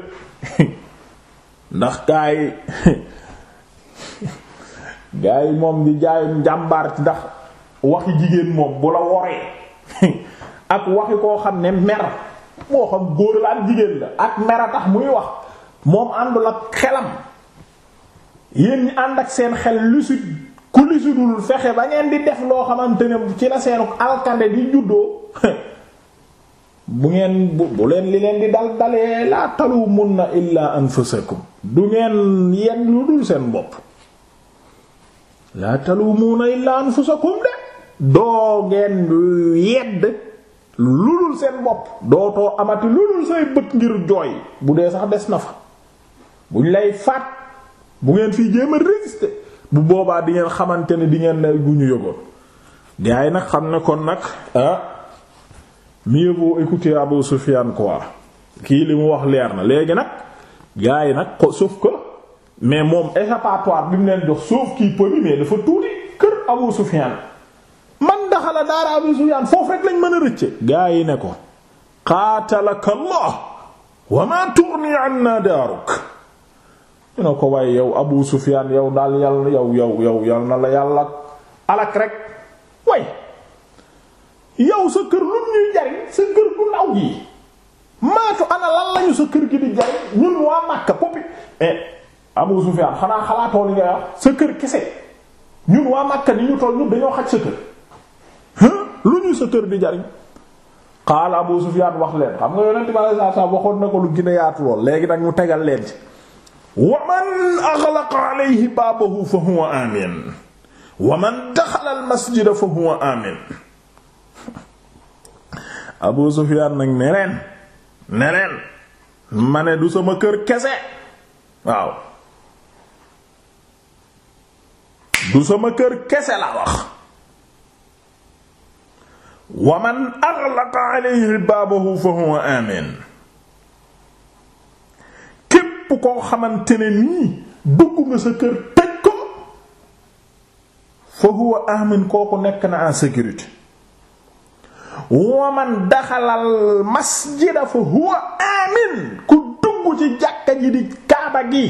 ndax gaa yi gaa yi moom di jaayum njàmbaar ci ndax waxi jigéen moom bu la woree ak waxi koo xam ne mer moo xam góor la jigéen la ak mer a tax muy wax moom àndul ak xelam yéen ñi ànd ak seen xel lucide ku lucidul fexe ba ngeen di def loo xamante ne ci la seenu alkande di juddoo bu ngeen bu bu leen li leen di dal dalee laa na illaa anfusakum du ngeen yedd lu dul seen bopp laa talumuna illaa anfusakum de doo ngeen yedd lu dul seen bopp dootoo amati lu dul say bët ngir jooy bu dee sax des na fa buñ lay faat bu ngeen fii jéem a bu boobaa di ngeen xamante ne di ngeen ne bu ñu yëgoon gaay nag xam ne kon nag ah, mieux vaut écouter Abu Sufyan quoi kii li mu wax leer na léegi nag gars yi nag ko mais moom échappatoire bi mu leen jox sauf kii peu bi mais dafa tuuti kër Abu Sufyan man daxala daara Abu Sufyan foofu rek lañ mën a rëcce gars yi ne ko qatalaka Allah wa ma tughni anna daruk ñu ne ko waaye yow Abu Sufyan yow daal yàlla yow yow yow yàlla na la yàlla alak rek way yow sa kër lu ñuy jariñ sa kër gu ndaw gi maatu ana lan lañu sa kër gi di jariñ ñun waa Makka popi eh Abu Sufyan xanaa xalaatoo li nga wax sa kër kese ñun waa Makka ni ñu toll dañoo xaj sa kër lu ñuy sa kër di jariñ xaala Abu Sufyan wax leen xam nga yonent bi alayhi salaam waxoon na ko lu gën lool léegi nag mu tegal leen ci wa man aghlaqa baabahu fa huwa amin wa man daxala al fa huwa amin Abu Sufyaan nag ne leen ne du sama kër kese waaw du sama kër kese la wax wa man aghlaqa alayhi baabahu fa huwa amin képp koo xamante ne nii dugg nga sa kër tëj ko fa huwa amin kooku nekk na en sécurité wa man daxalal masjida fa huwa amin ku dugg ci jàkka ji di kaaba gi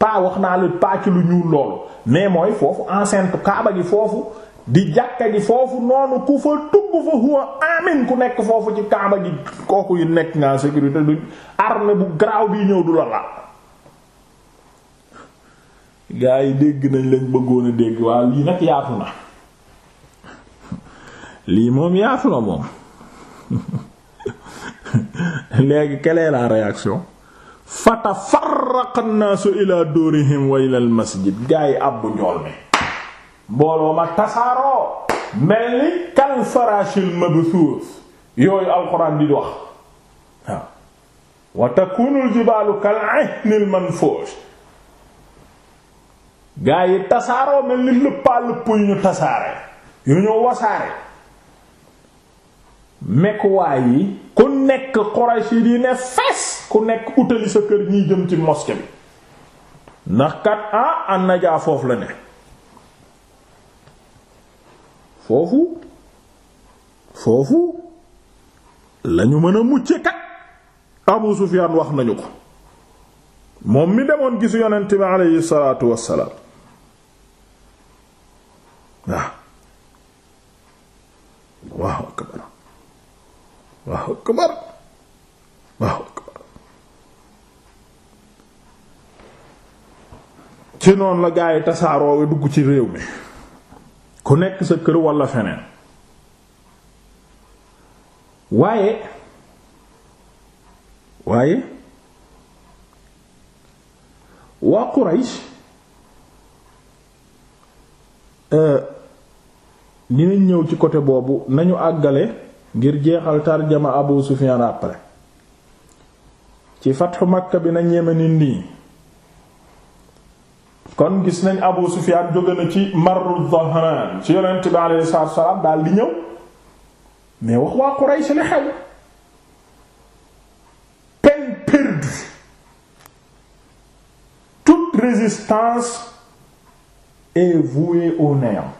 paa wax naa la paa ci lu ñuul lool mais mooy foofu enceinte kaaba gi foofu di jàkka ji foofu noonu ku fa dugg fa huwa amin ku nekk foofu ci kaaba gi kooku yi nekk nga sécurité du armée bu garaaw bi ñëw du la la gaa yi dégg nañ lañ bëggoon a dégg waa lii nag yaatu na lii moom yaafu la moom léegi quelle la réaction fatafarraqa an-naasu ila dóorihim wa ila al-masjid gaa yi àbbu njool mi mbooloo ma tasaaroo mel ni kal farashil mabsuus yooyu alxuraan di wax waaw wa takunu al-jibaalu kal ihnil gaa yi tasaaroo mel ni lëppaa lëpp yu ñu tasaare yu ñu wasaare mekuwaay yi ku nekk Quraysh yi ne fees ku nekk utali sa kër ñiy jëm ci mosquée bi ndax kat ah an najaa foofu la ne foofu foofu lañu mën a mucce kat Abu Sufyaan wax nañu ko moom mi demoon gisu yonent bi aleyhi salaatu wassalaam waaw waaw akbar waaw akbar waaw akbar ci noonu la gaa yi tasaaroo dugg ci réew mi ku nekk sa kër walla feneen waaye waaye waa Quraysh euh, ñëw ci côté boobu nañu àggale ngir jeexal tarjama Abu Sufyan après ci fatxu Makka bi nañ yeme nit nii kon gis nañ Abu Sufyan jóge na ci marru Dhahran ci yonent bi alayhi salaatu wa salaam daal di ñëw mais wax waa Quraysh li xew peine perdue toute résistance est vouée au néant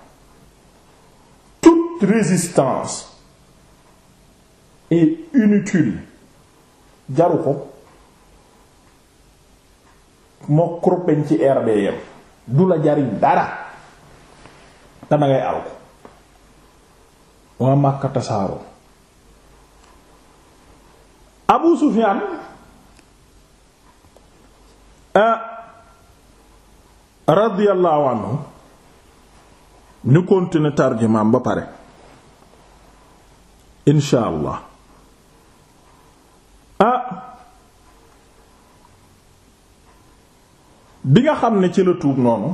toute résistance et inutile jaru ko moo kurpeñ ci rbm du la jariñ dara te ngay alko waa Makka tasaaroo Abu Sufyaan ah, radiyallahu anhu ñu continuer tarjumaam ba pare insha ah bi nga xam ne ci la tuub noonu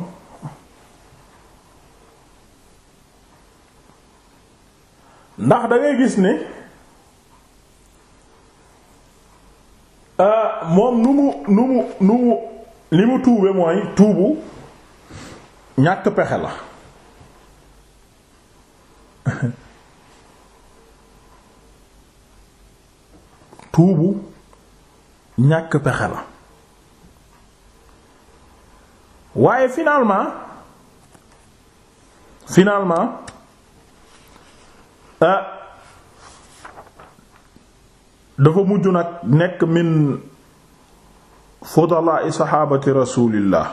ndax da gis ne ah, moom nu mu nu mu nu mu li mu tuube mooy tuubu ñàkk pexe la tuubu ñàkk pexe la waaye finalement finalement ah dafa mujj nag nekk min fudalaa saxaabati rasulillah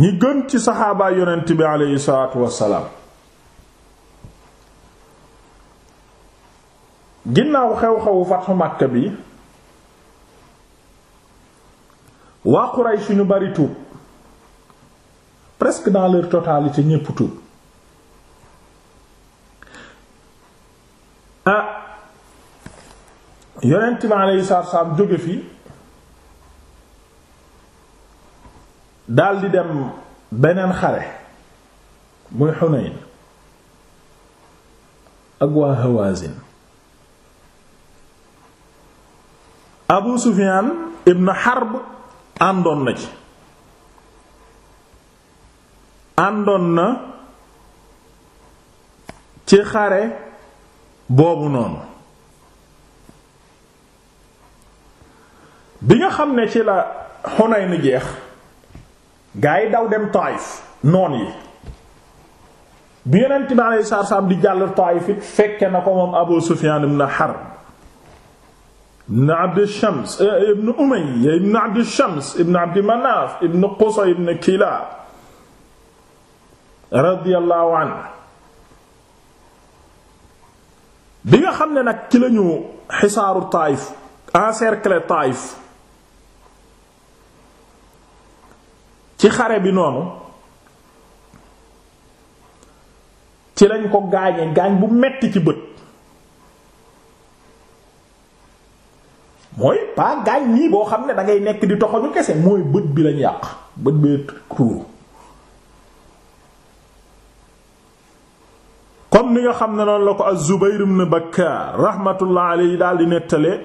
ñi gën ci saxaabaa yonent bi aleyhi salaatu wassalaam ginnaaw xew-xewu fatxu Makka bi waa Quraysh ñu bari tuub presque dans leur totalité ñépp tuub ah yonent bi alayhi salaatu salaam jóge fi daldi dem beneen xare muy Hunayn ak waa Hawazin abu sufiyaan ibn harb àndoon na ci àndoon na ci xare boobu noonu bi nga xam ne ci la Xunayn jeex gaa yi daw dem Taayif noon yi bi Yonent bi alayhi salaam di jàll Taayif it fekke na ko moom Abu Sufyaan ibn Harb ibn Abdi Shams eh, ibn Umayya ibn Abdi Shams ibn Abdi Manaf ibn Qusay ibn Kilab radiyallahu anhu bi nga xam ne nag ci lañu xisaaru Taayif encercler Taayif ci xare bi noonu ci lañ ko gaañee gaañ bu metti ci bët mooy pas gaañ nii boo xam ne dangay nekk di toxoñu kese mooy bët bi lañ yàq bët bee tuuru comme ni nga xam ne noonu la ko az-Zubayr ibn Bakkar rahmatullah alayhi daal di nettalee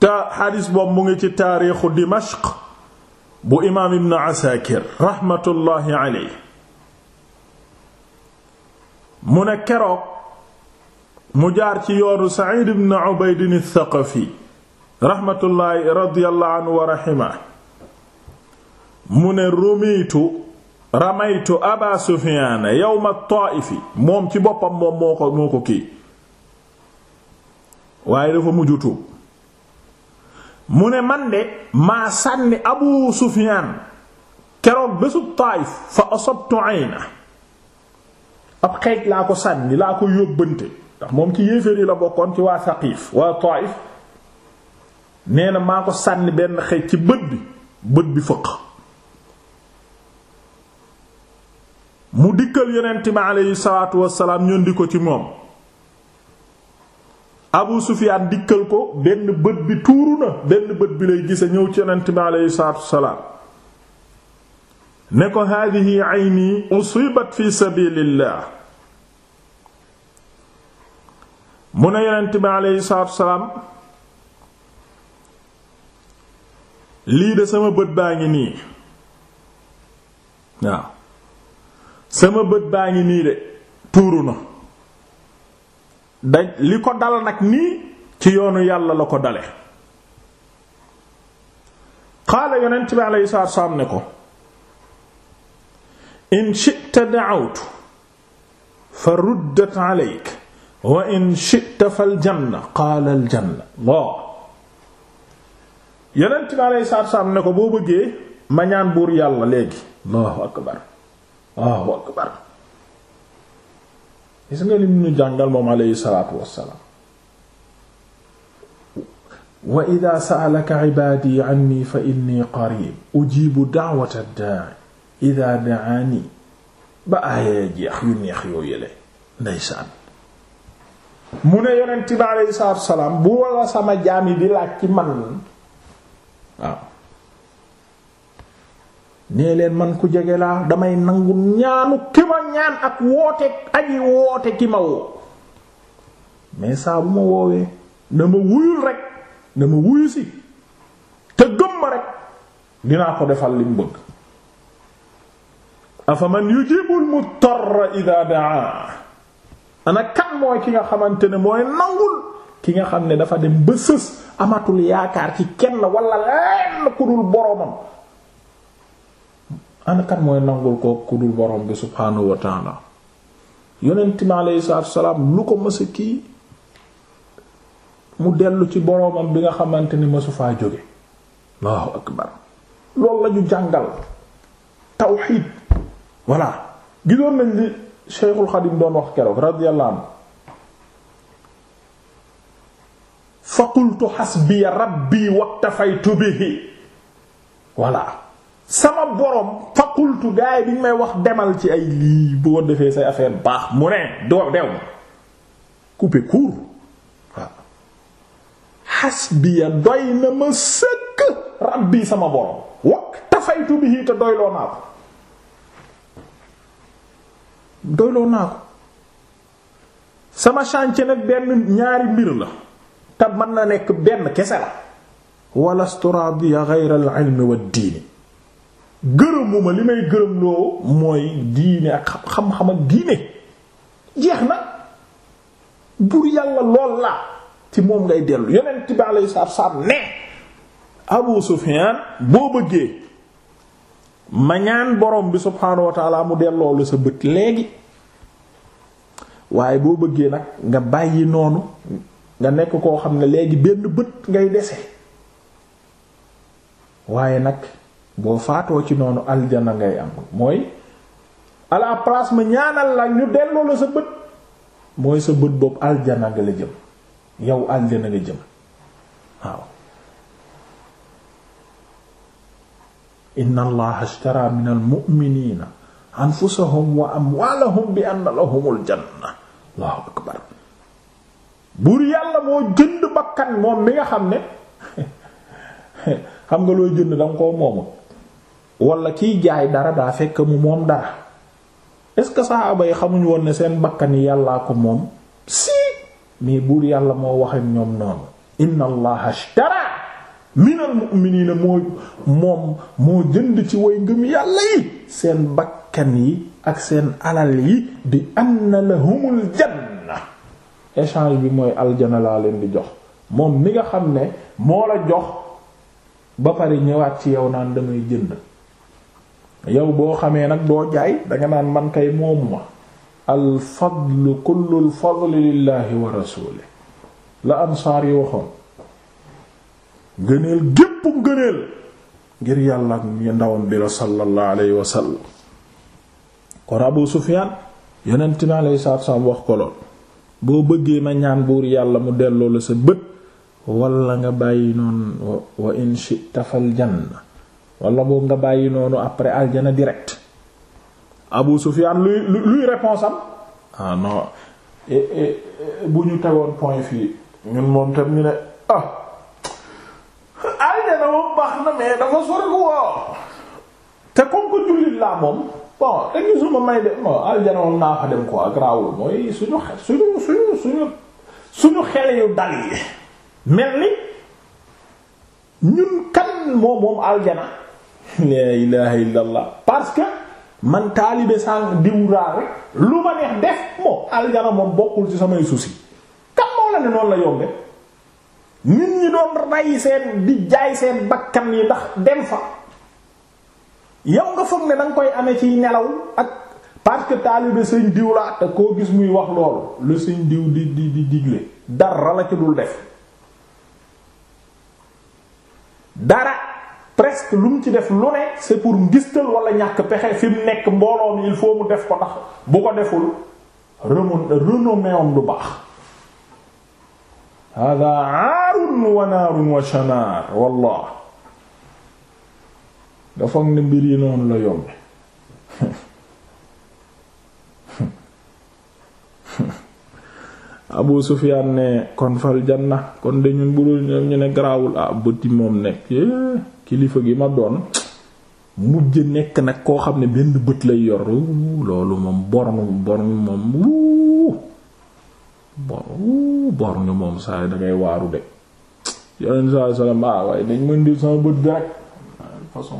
te xadis boobu mu ngi ci taarixu Dimashq bu imaam Ibn Asakir rahmatullahi alayhi mu ne keroog. mu jaar ci yooru Sa'id ibn Ubayd ath-Thaqafi raxmatullaahi radiyallahu anhu wa raxima mu ne rumiitu ramaytu aba Sufyaan yawma at moom ci boppam moom moo ko moo ko kii waaye dafa mujj tuub mu ne man de maa sànni abu Sufyaan keroog bésu Taayif fa asabtu ayna ab xeej laa ko sànni laa ko yóbbante ndax moom ci yéeféer yi la bokkoon ci waa Saqiif waa Taif nee na maa ko sànni benn xëy ci bët bi bët bi fëq mu dikkal yonent bi aleyhi salaatu wassalaam ñoon ko ci moom Abu Sufyaan dikkal ko benn bët bi tuuru na benn bët bi lay gise ñëw ci yonent bi aleyhi salaatu wassalaam ne ko haadihi ayni usibat fi sabilillah mu ne yonent bi aleyhi salaatu salaam lii de sama bët baa ngi nii waaw sama bët baa ngi nii de tuuru na daj li ko dal nag nii ci yoonu yàlla la ko dale xaala yonent bi aleyhi salaatu salaam ne ko in shi'ta da'awtu fa ruddat aleyk wa in shi'ta fal janna qaala al janna bon yeneen ci lay saab saab ne ko boo bëggee ma ñaan buur yàlla léegi allahu akbar allahu akbar gis nga lim ñu jàngal moom alayhi salaatu wassalaam wa idaa sa'alaka ibaadi anni fa inni qariib ujiibu da'wata daa'i idaa da'aani ba aaya jeex yu neex yoo yële ndeysaan mu ne yonent bi aleyhi salaatu salaam bu walla sama jaam yi di laaj ci man waaw nee leen man ku jege laa damay nangu ñaanu ki ma ñaan ak woote aji woote ki ma woo mais saa bu ma woowee na ma wuyul rek na ma wuyu si te rek dinaa ko defal limu bëgg afaman yujibul muttarra idha da'a ana kan mooy ki nga xamante ne mooy nangul ki nga xam ne dafa dem ba amatul yaakaar ci kenn wala lenn ku dul boroomam ana mooy nangul ko dul boroom bi subhaanahu wa taala yonent mi aleyhi lu ko mës kii mu dellu ci boroomam bi nga xamante ni mësu faa jóge allahu akbar loolu la jàngal tawxiid voilà gisoon nañ li Cheikhul Xadim doon wax keroog radiyallahu anhu fa qultu xasbiya rabbi waktafaytu bihi voilà sama borom fa qultu gaay bi ñu may wax demal ci ay lii boo defee say affaire baax mu ne doo dew coupé court waaw xasbiya doy na ma sëkk rabbi sama borom waktafaytu bihi te doyloo naa ko doyloo naa ko sama chantier nag benn ñaari mbir la te man na nekk benn kese la walastu radiya ghayra al-ilmi wa diini gërëmuma li may gërëm loo mooy diine ak xam-xam ak diine jeex na bur yàlla lool la ci moom ngay dellu yonent bi alayhi salaatu salaam ne Abu Sufyaan boo bëggee ma ñaan borom bi subhaanahu wa mu delloo la sa bët léegi waaye boo bëggee nag nga bàyyi noonu nga nekk koo xam ne léegi benn bët ngay dese waaye nag boo faatoo ci noonu aljana ngay am mooy à la ma ñaanal la ñu delloo la sa bët mooy sa bët boobu aljana nga la jëm yow aljana nga jëm waaw inna allaha ashtara min almu'minina anfusahum wa amwalahum bi anna lahumul janna allahu akbar buur yàlla moo jënd bakkan moom mi nga xam ne xam nga loo jënd danga koo moomut wala kiy jaay dara daa fekk mu moom dara est-ce que saxaaba yi xamuñu woon ne seen bakkan yi yàllaa ko moom si mais buur yàlla moo waxe ñoom noonu inna allaha ashtara minal mu'miniina moo moom moo jënd ci way ngëm yàlla yi seen bakkan yi ak seen alal yi di anna lahumul janna échange bi mooy aljana laa leen di jox moom mi nga xam ne moo la jox ba pare ñëwaat ci yow naan damay jënd yow boo xamee nag doo jaay danga naan man kay moomu ma al kullu al fadli wa rasuulihi la ansaar yi waxoon ngëneel gépp ngëneel ngir yàlla ak ndawam bi la sallallahu alayhi kon Abu Sufyaan yonent mi alayhi salaatu salaam wax ko lool boo bëggee ma ñaan buur yàlla mu delloo la sa bët wala nga bàyyi noonu wa in shi'ta fal janna wala boobu nga bàyyi noonu après aljana direct Abu Sufyaan luy luy réponse am ah bu ñu tegoon point fii ñun moom tam ñu ne ah, baax na mais dafa sori quoi te comme que jullit laa moom bon te gisuma may de bon aljana naa fa dem quoi garaawul mooy suñu suñu suñu suñu suñu xel yu dal yi mel ni ñun kan moom moom aljana. la ilaha illallah parce que man taalibe sànq diw raar lu ma neex def moom aljana moom bokkul ci samay soucis kan moo la ne noonu la yombe nit ñi doon rey seen di jaay seen bakkan yi ndax dem fa yow nga foog ne danga koy amee ciy nelaw ak parce que taalibe sëñ diw la te koo gis muy wax loolu lu sëñ diw di di di digle dara la ci dul def dara presque lu mu ci def lu ne c'est pour ngistal wala ñàkk pexe fi mu nekk mbooloo mi il faut mu def ko ndax bu ko deful renommée am baax hada aarun wa naarun wa shanaar wallah nga foog ne mbir yi noonu la yombe Abu Sufyaan ne kon fal janna kon de ñun budul ne garaawul ah bëti moom nekk eh, kilifa gi ma doon mujj nekk nag koo xam ne benn bët lay yor loolu moom born born moom bor bor ñu moom saay da ngay waaru de yeneen saa salaam ah waaye dañ mën di sama bët bi rek façon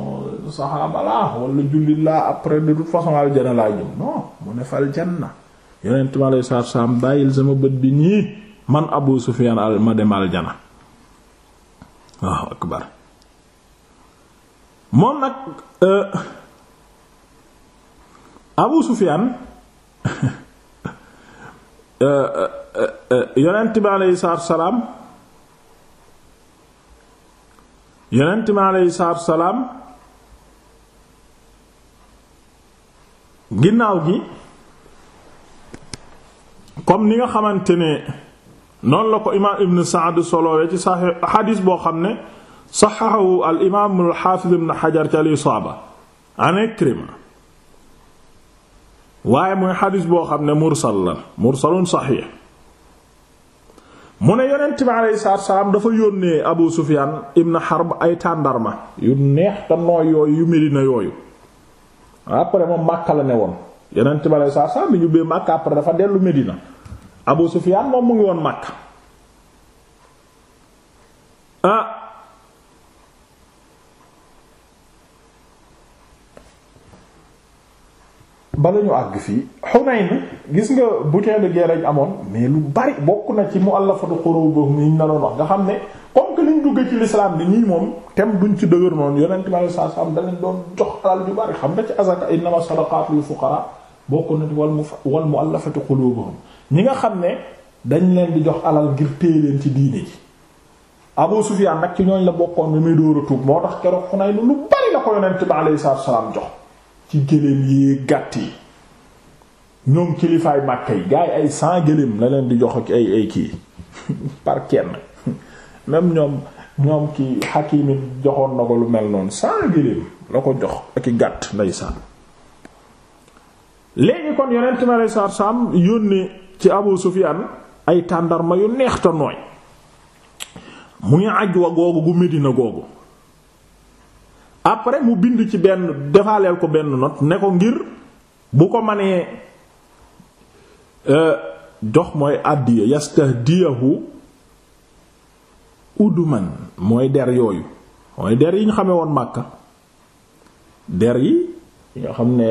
saxaaba laa jullit laa après de toute façon aljana laa jëm non mu ne fal janna yeneen ma lay saar saam bàyyil sama bët bi nii man Abu Sufyan al ma dem aljana waaw akbar moom nag euh, Abu Sufyan Euh, euh, euh, yonent bi aleyhi salaatu salaam yonent bi aleyhi salaatu salaam ginnaaw gi comme ni nga xamante ne noonu la ko imaam Ibn Saad solowee ci saxiix xadiis boo xam ne saxaxahu al imaam al xaafiz ibn Hajar ci al Isaaba an waaye muy xadis boo xam ne mursal la mursalun saxiix mu ne yonent bi aleyhi salaatu salaam dafa yónnee Abu Sufyaan ibn Harb ay tàndarma yu neex te nooy yooyu yu Medina yooyu après moom Makka la ne woon yonent bi aleyhi salaatu salaam bi ñu bee Makka après dafa dellu Medina Abu Sufyaan moom mu ngi woon Makka ah, bala ñu àgg fii Hunayn gis nga butin de guerre lañ amoon mais lu bari bokk na ci mu'allafatu qulubihim yi ñu la doon wax nga xam ne comme que dugg ci l'islam ni ñii moom tem duñ ci dëgër noonu yonent ma saa am danañ doon jox alal ju xam nga ci azaka innama sadaqatu lil fuqara bokk na ci wal mu wal mu'allafatu qulubihim ñi nga xam ne dañ leen di jox alal ngir téye leen ci diine ji Abu Sufyan nag ci ñooñ la bokkoon bi muy dóor a tuub moo tax keroog Hunayn lu bari la ko yonent bi alayhi salaatu salaam jox. ci gëléem yi gàtt yi ñoom kilifaay Makka yi gars ay cent gëléem la leen di jox ak ay ay kii par kenn même ñoom ñoom ki Hakim it joxoon na ko lu mel noonu cent gëléem la ko jox ak i gàtt ndeysaan léegi kon yonent mi aleyhi salaatu salaam yónnee ci Abu Sufyaan ay tàndarma yu neex te nooy muy àjj wa googu gu Medina googu après mu bind ci benn defaaleel ko benn note ne ko ngir bu ko manee euh, jox mooy àddiya yastahdiyahu uduman mooy der yooyu mooy der yi ñu xamee woon màkka der yi yoo xam ne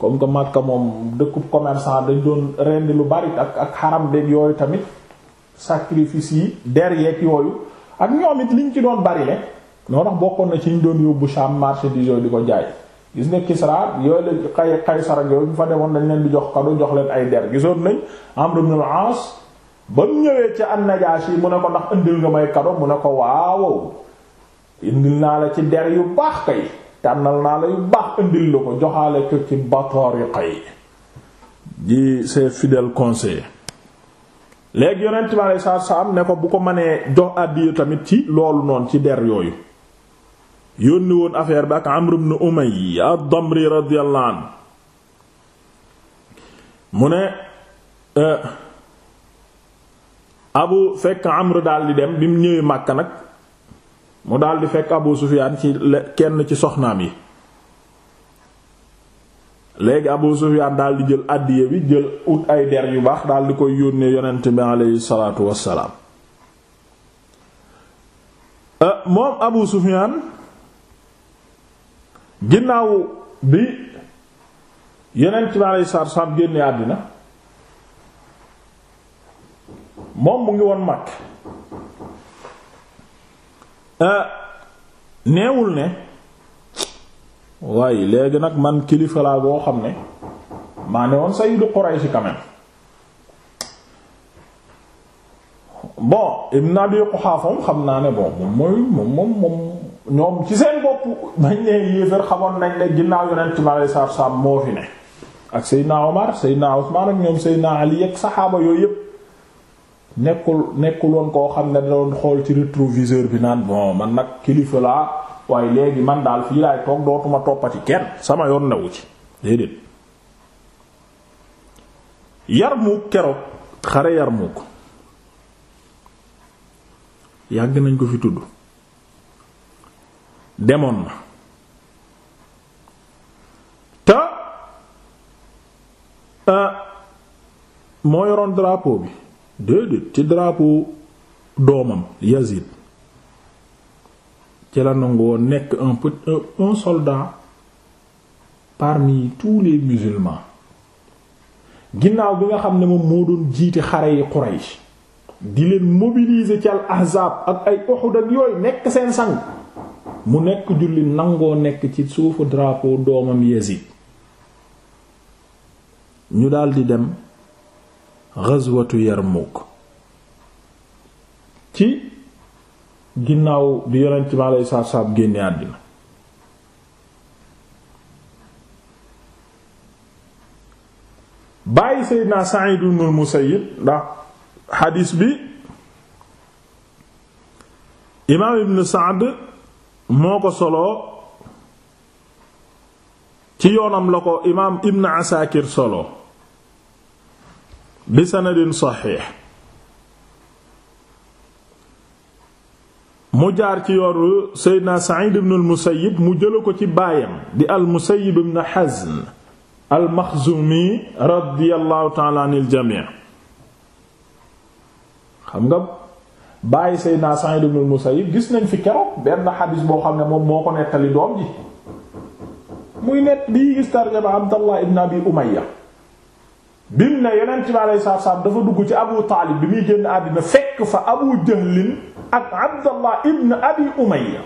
comme que màkka moom dëkku commerçant dañ doon rendi lu bari ak ak xaram de yooyu tamit sacrifice yi der yeeg yooyu ak ñoom it liñ ci doon bari le noo tax bokkoon na ci ñu doon yóbbu Sham di yooyu di ko jaay gis nga Kisra yooyu leen xay Qaysar ak yooyu bu fa woon dañ leen di jox kado jox leen ay der gisoon nañ Amr ibn al ba mu ñëwee ca an-Najashi mu ne ko ndax indil nga may mu ne ko waaw indil naa la ci der yu baax kay tànnal naa la yu baax indil la ko joxaale ko ci yu yi di ses fidèles conseillers léegi yonent bi aleyhi salaatu ne ko bu ko mënee jox àddiya tamit ci loolu noonu ci der yooyu yónni woon affaire bi ak Amr ibn Umayy ad-Damri radiyallahu mu ne euh, abu fekk Amr daal dem bi mu ñëwee Makka nag mu daal di fekk Abu Sufyaan ci kenn ci soxnaam yi léegi Abu Sufyaan daal di jël àddiya bi jël ut ay der yu baax daal di koy yónnee yonent bi aleyhi salaatu wassalaam euh, moom Abu Sufyaan ginnaaw bi yeneen ci ma saar saam génne àddina moom mu ngi woon mag euh, neewul ne waaye léegi nag man kilifa laa boo xam ne maa ne woon sayyidu Quraysh quand même bon Ibn Abi Quhafa xam naa ne bon moom moom moom ñoom ci seen bopp mañ ne yéeféer xamoon nañ ne ginnaaw yonent mi alayhi salaatu salaam moo fi ne ak Seydina Omar Seydina Usmaan ak ñoom Seydina Ali ak saxaaba yooyu yëpp nekkul nekkul woon koo xam ne da doon xool ci rétroviseur bi naan bon man nag kilifa laa waaye léegi man daal fii laay toog dootuma toppati kenn sama yoon newu ci déedéet Yarmuk keroog xare Yarmuk yàgg nañ ko fi tudd demoon na te euh, moo yoroon drapeau bi déedéet ci drapeau doomam Yazid ci la nangoo nekk un peu euh, un soldat parmi tous les musulmans ginnaaw bi nga xam ne moom moo doon jiite xare yi Quraysh di leen mobiliser ci al ahzaab ak ay Uhud ak yooyu nekk seen sang mu nekk julli nangoo nekk ci suufu drapeau doomam Yazid ñu daldi dem ghazwatu Yarmouk ci ginnaaw bi yonent bi alayhi salaatu salaam génne àddina bàyyi Seydina Sa'id ibn al-Musayyib ndax xadiis bi imaam Ibn Sa'd moo ko soloo ci yoonam la ko imaam ibn Asakir solo bi sanadin saxiix mu jaar ci yooru Seydina Sa'id ibn al-Musayyib mu jëla ko ci baayam di al-Musayyib ibn Hazn al-Makhzumi radiyallahu ta'ala anil jami' xam nga bàyyi Seydina Sa'id ibn al-Musayyib gis nañ fi keroog benn xadis boo xam ne moom moo ko nettali doom ji muy nett bii gis tarjama Abdallah ibn Abi Umayya bim ne yonent dafa dugg ci Abu Taalib bi muy génn àddina fekk fa Abu Jahlin ak Abdallah ibn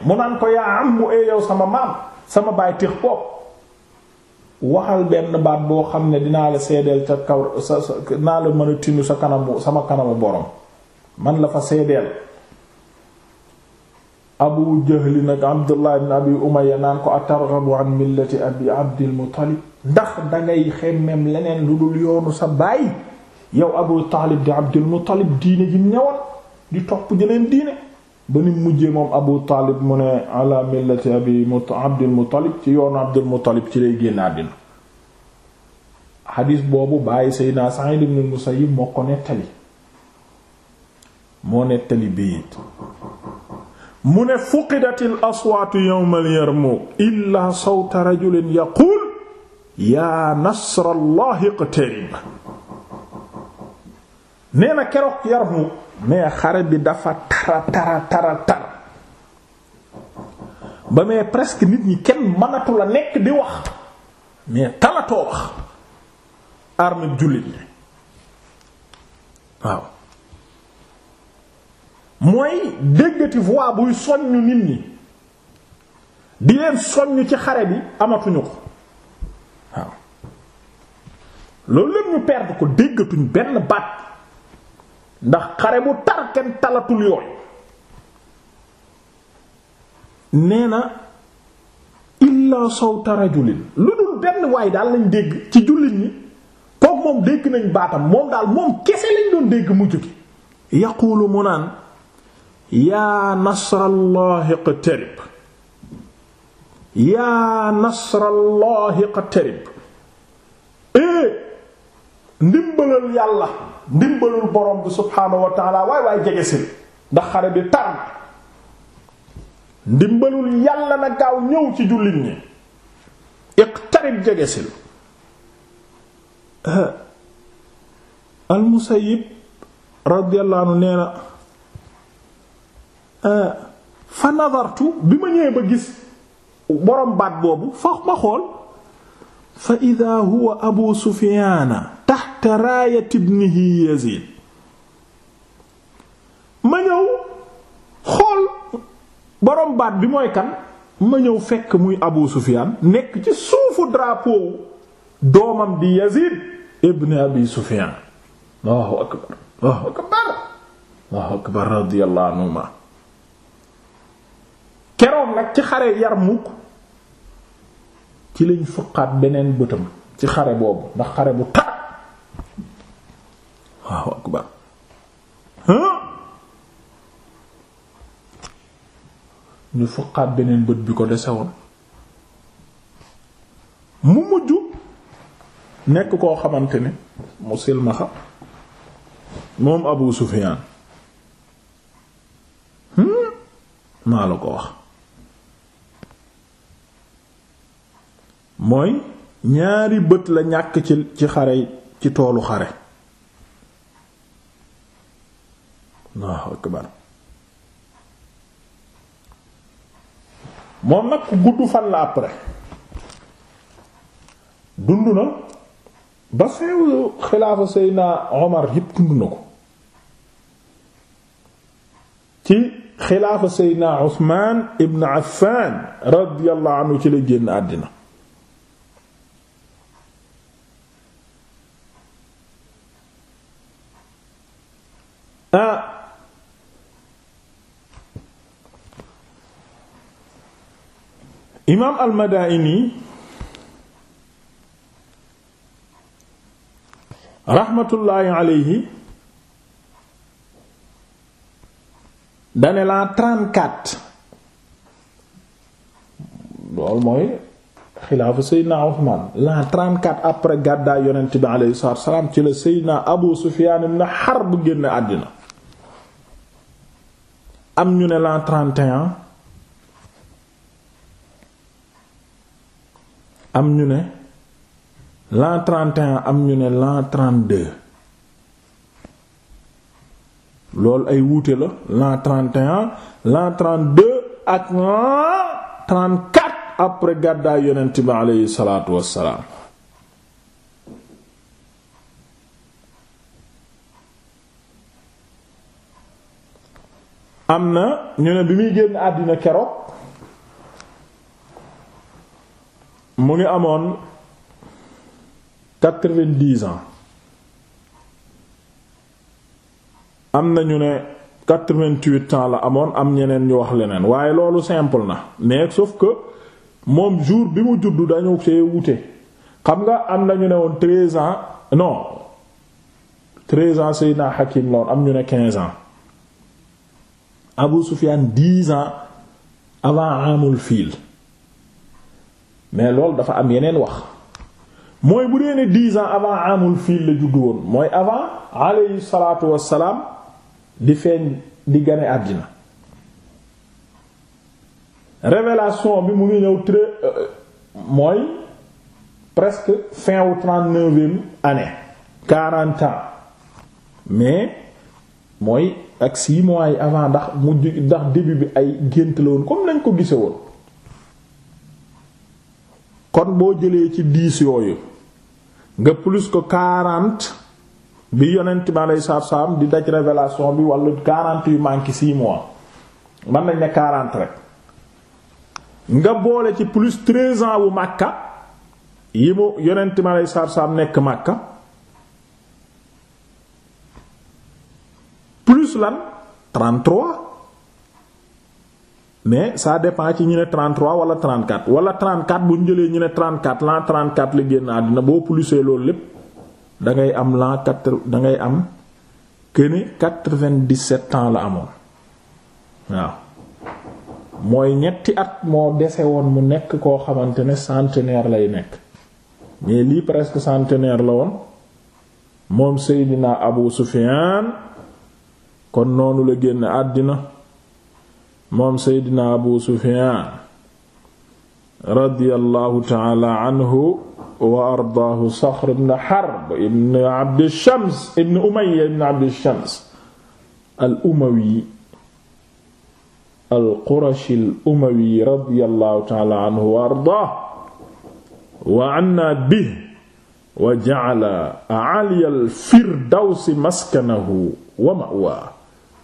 mu naan ko yaa am mu eh, yow sama maam sama baay téex bopp waxal benn baat boo xam ne dinaa la seedeel ca kaw sa sa naa la mën a tinu sa kanamu sama kanamu borom. man la fa seedeel abu jahli nag abdullah ibn abi umayya naan ko atarghabu an millati abi abdil ndax dangay xemmem leneen lu dul yoonu sa baay yow abu taalib di abdil muttalib diine ji ñëwal di topp jëleen diine ba ni mujjee moom abu taalib mu ne ala millati abi abdil muttalib ci yoonu abdil muttalib ci lay génn àddina xadiis boobu bàyyi seydina sa'id ibn musayyib moo ko nettali moo nettali bayit mu ne fuqidatil aswaatu yawmal yarmuuk illaa sawta rajulin yaquul yaa nasrallahi iqtarib nee na keroog yarmuuk mais xare bi dafa tara tara tara tara ba mais presque nit ñi kenn mënatu a nekk di wax mais talatoo wax armée jullit ñi waaw mooy déggati voix buy soññu nit ñi di leen soññu ci xare bi amatuñu ko waaw loolu lépp ñu perdre ko déggatuñ benn baat ndax xare bu tar kenn talatul yooyu nee na illa sawta rajulin lu dul benn waay daal lañ dégg ci jullit ñi kooku moom dégg nañu baatam moom daal moom kese lañ doon dégg mujj gi yaqulu mu naan yaa nasrallahi iqtarib yaa nasrallahi iqtarib ee ndimbalal yàlla ndimbalul borom bi subhaanahu wa taala waay waay ndax xare bi tar ndimbalul yàlla na gaaw ñëw ci jullit ñi iqtarib jege si al Musayyib radiyallahu fa nadartu bi ma ñëwee ba gis borom baat boobu fa ma xool fa ida huwa abu sufiana taxta raayati ibnihi yazid ma ñëw xool borom baat bi mooy kan ma ñëw fekk muy abu sufiyaan nekk ci suufu drapeau doomam di yazid ibn abi sufiyaan allahu akbar allahu akbar allahu akbar radiyallahu anhuma keroog nag ci xare Yarmuk ci lañ fuqaat beneen bëtam ci xare boobu ndax xare bu tar waaw akbar ñu fuqaat beneen bët bi ko desewoon mu mujj nekk koo xamante ne mu silmaxa moom Abu Sufyaan hmm? maa la ko wax mooy ñaari bët la ñàkk ci ci xare ci toolu xare moom nag ku gudd fan la après dund na ba feewu xilaafa Seydina Omar yépp dund na ko ci xilaafa Seydina Usmaan ibn Affan radiyallahu anhu ci la génn àddina imaam al-Madaini raxmatullaahi alayhi dane la 34 loolu mooy xilaafu Seydina Usmaan la 34 après gàddaay yonent bi alayhi salaatu salaam ci la Seydina Abu Sufyaan ibn Harb génn àddina am ñu ne la 31 am ñu ne l'an 31 am ñu ne l'an 32 loolu ay wuute la l'an 31 l'an 32 ak l'an 34 après gàddaay yonent bi aleyhi salaatu wassalaam am na ñu ne bi muy génn àddina keroog mu ngi amoon quatre-vingt-dix ans am na ñu ne quatre vingt la amoon am ñeneen ñu wax leneen waaye loolu simple na mais sauf que moom jour bi mu juddu dañu see wute xam nga am na ñu ne woon treize ans non treize ans Seydina Hakim la am ñu ne quinze ans Abu Sufyan dix ans avant amul fiil mais loolu dafa am yeneen wax mooy bu dee ne dix ans avant amul fiil la juddu woon mooy avant alayhi salaatu wassalaam di feeñ di gane àddina révélation bi mu ngi ñëw très euh, mooy presque fin wu trente-neuvième année quarante ans mais mooy ak si mois yi avant ndax mujj ndax début bi ay gént la woon comme nañ ko gise woon kon boo jëlee ci dix yooyu nga plus ko quarante bi yonent bi aleyhi salaatu salaam di daj révélation bi walla quarante yu manqué six mois mën nañ ne quarante rek nga boole ci plus treize ans wu Makka yi mu yonent bi aleyhi salaatu salaam nekk màkka plus lan trente-trois mais saa dépend ci ñu ne 33 wala 34 wala 34 bu ñu jëlee ñu ne 34 l'an 34 la génn àddina boo plusee loolu lépp da ngay am l'an 4 da ngay am këne 97 ans la amoon waaw mooy ñetti at moo dese woon mu nekk koo xamante ne centenaire lay nekk mais lii presque centenaire la woon moom Seydina Abu sufien kon noonu la génn àddina moom seydina abu sufiyaan radiyallahu taala anhu wa ardaahu saxr ibn harb ibn abdi shams ibn umayya ibn abdi shams al umawi al qurashi al umawi radiyallahu taala anhu wa ardaahu wa anna bihi wa ja'ala a'ali al firdawsi maskanahu wa ma'waahu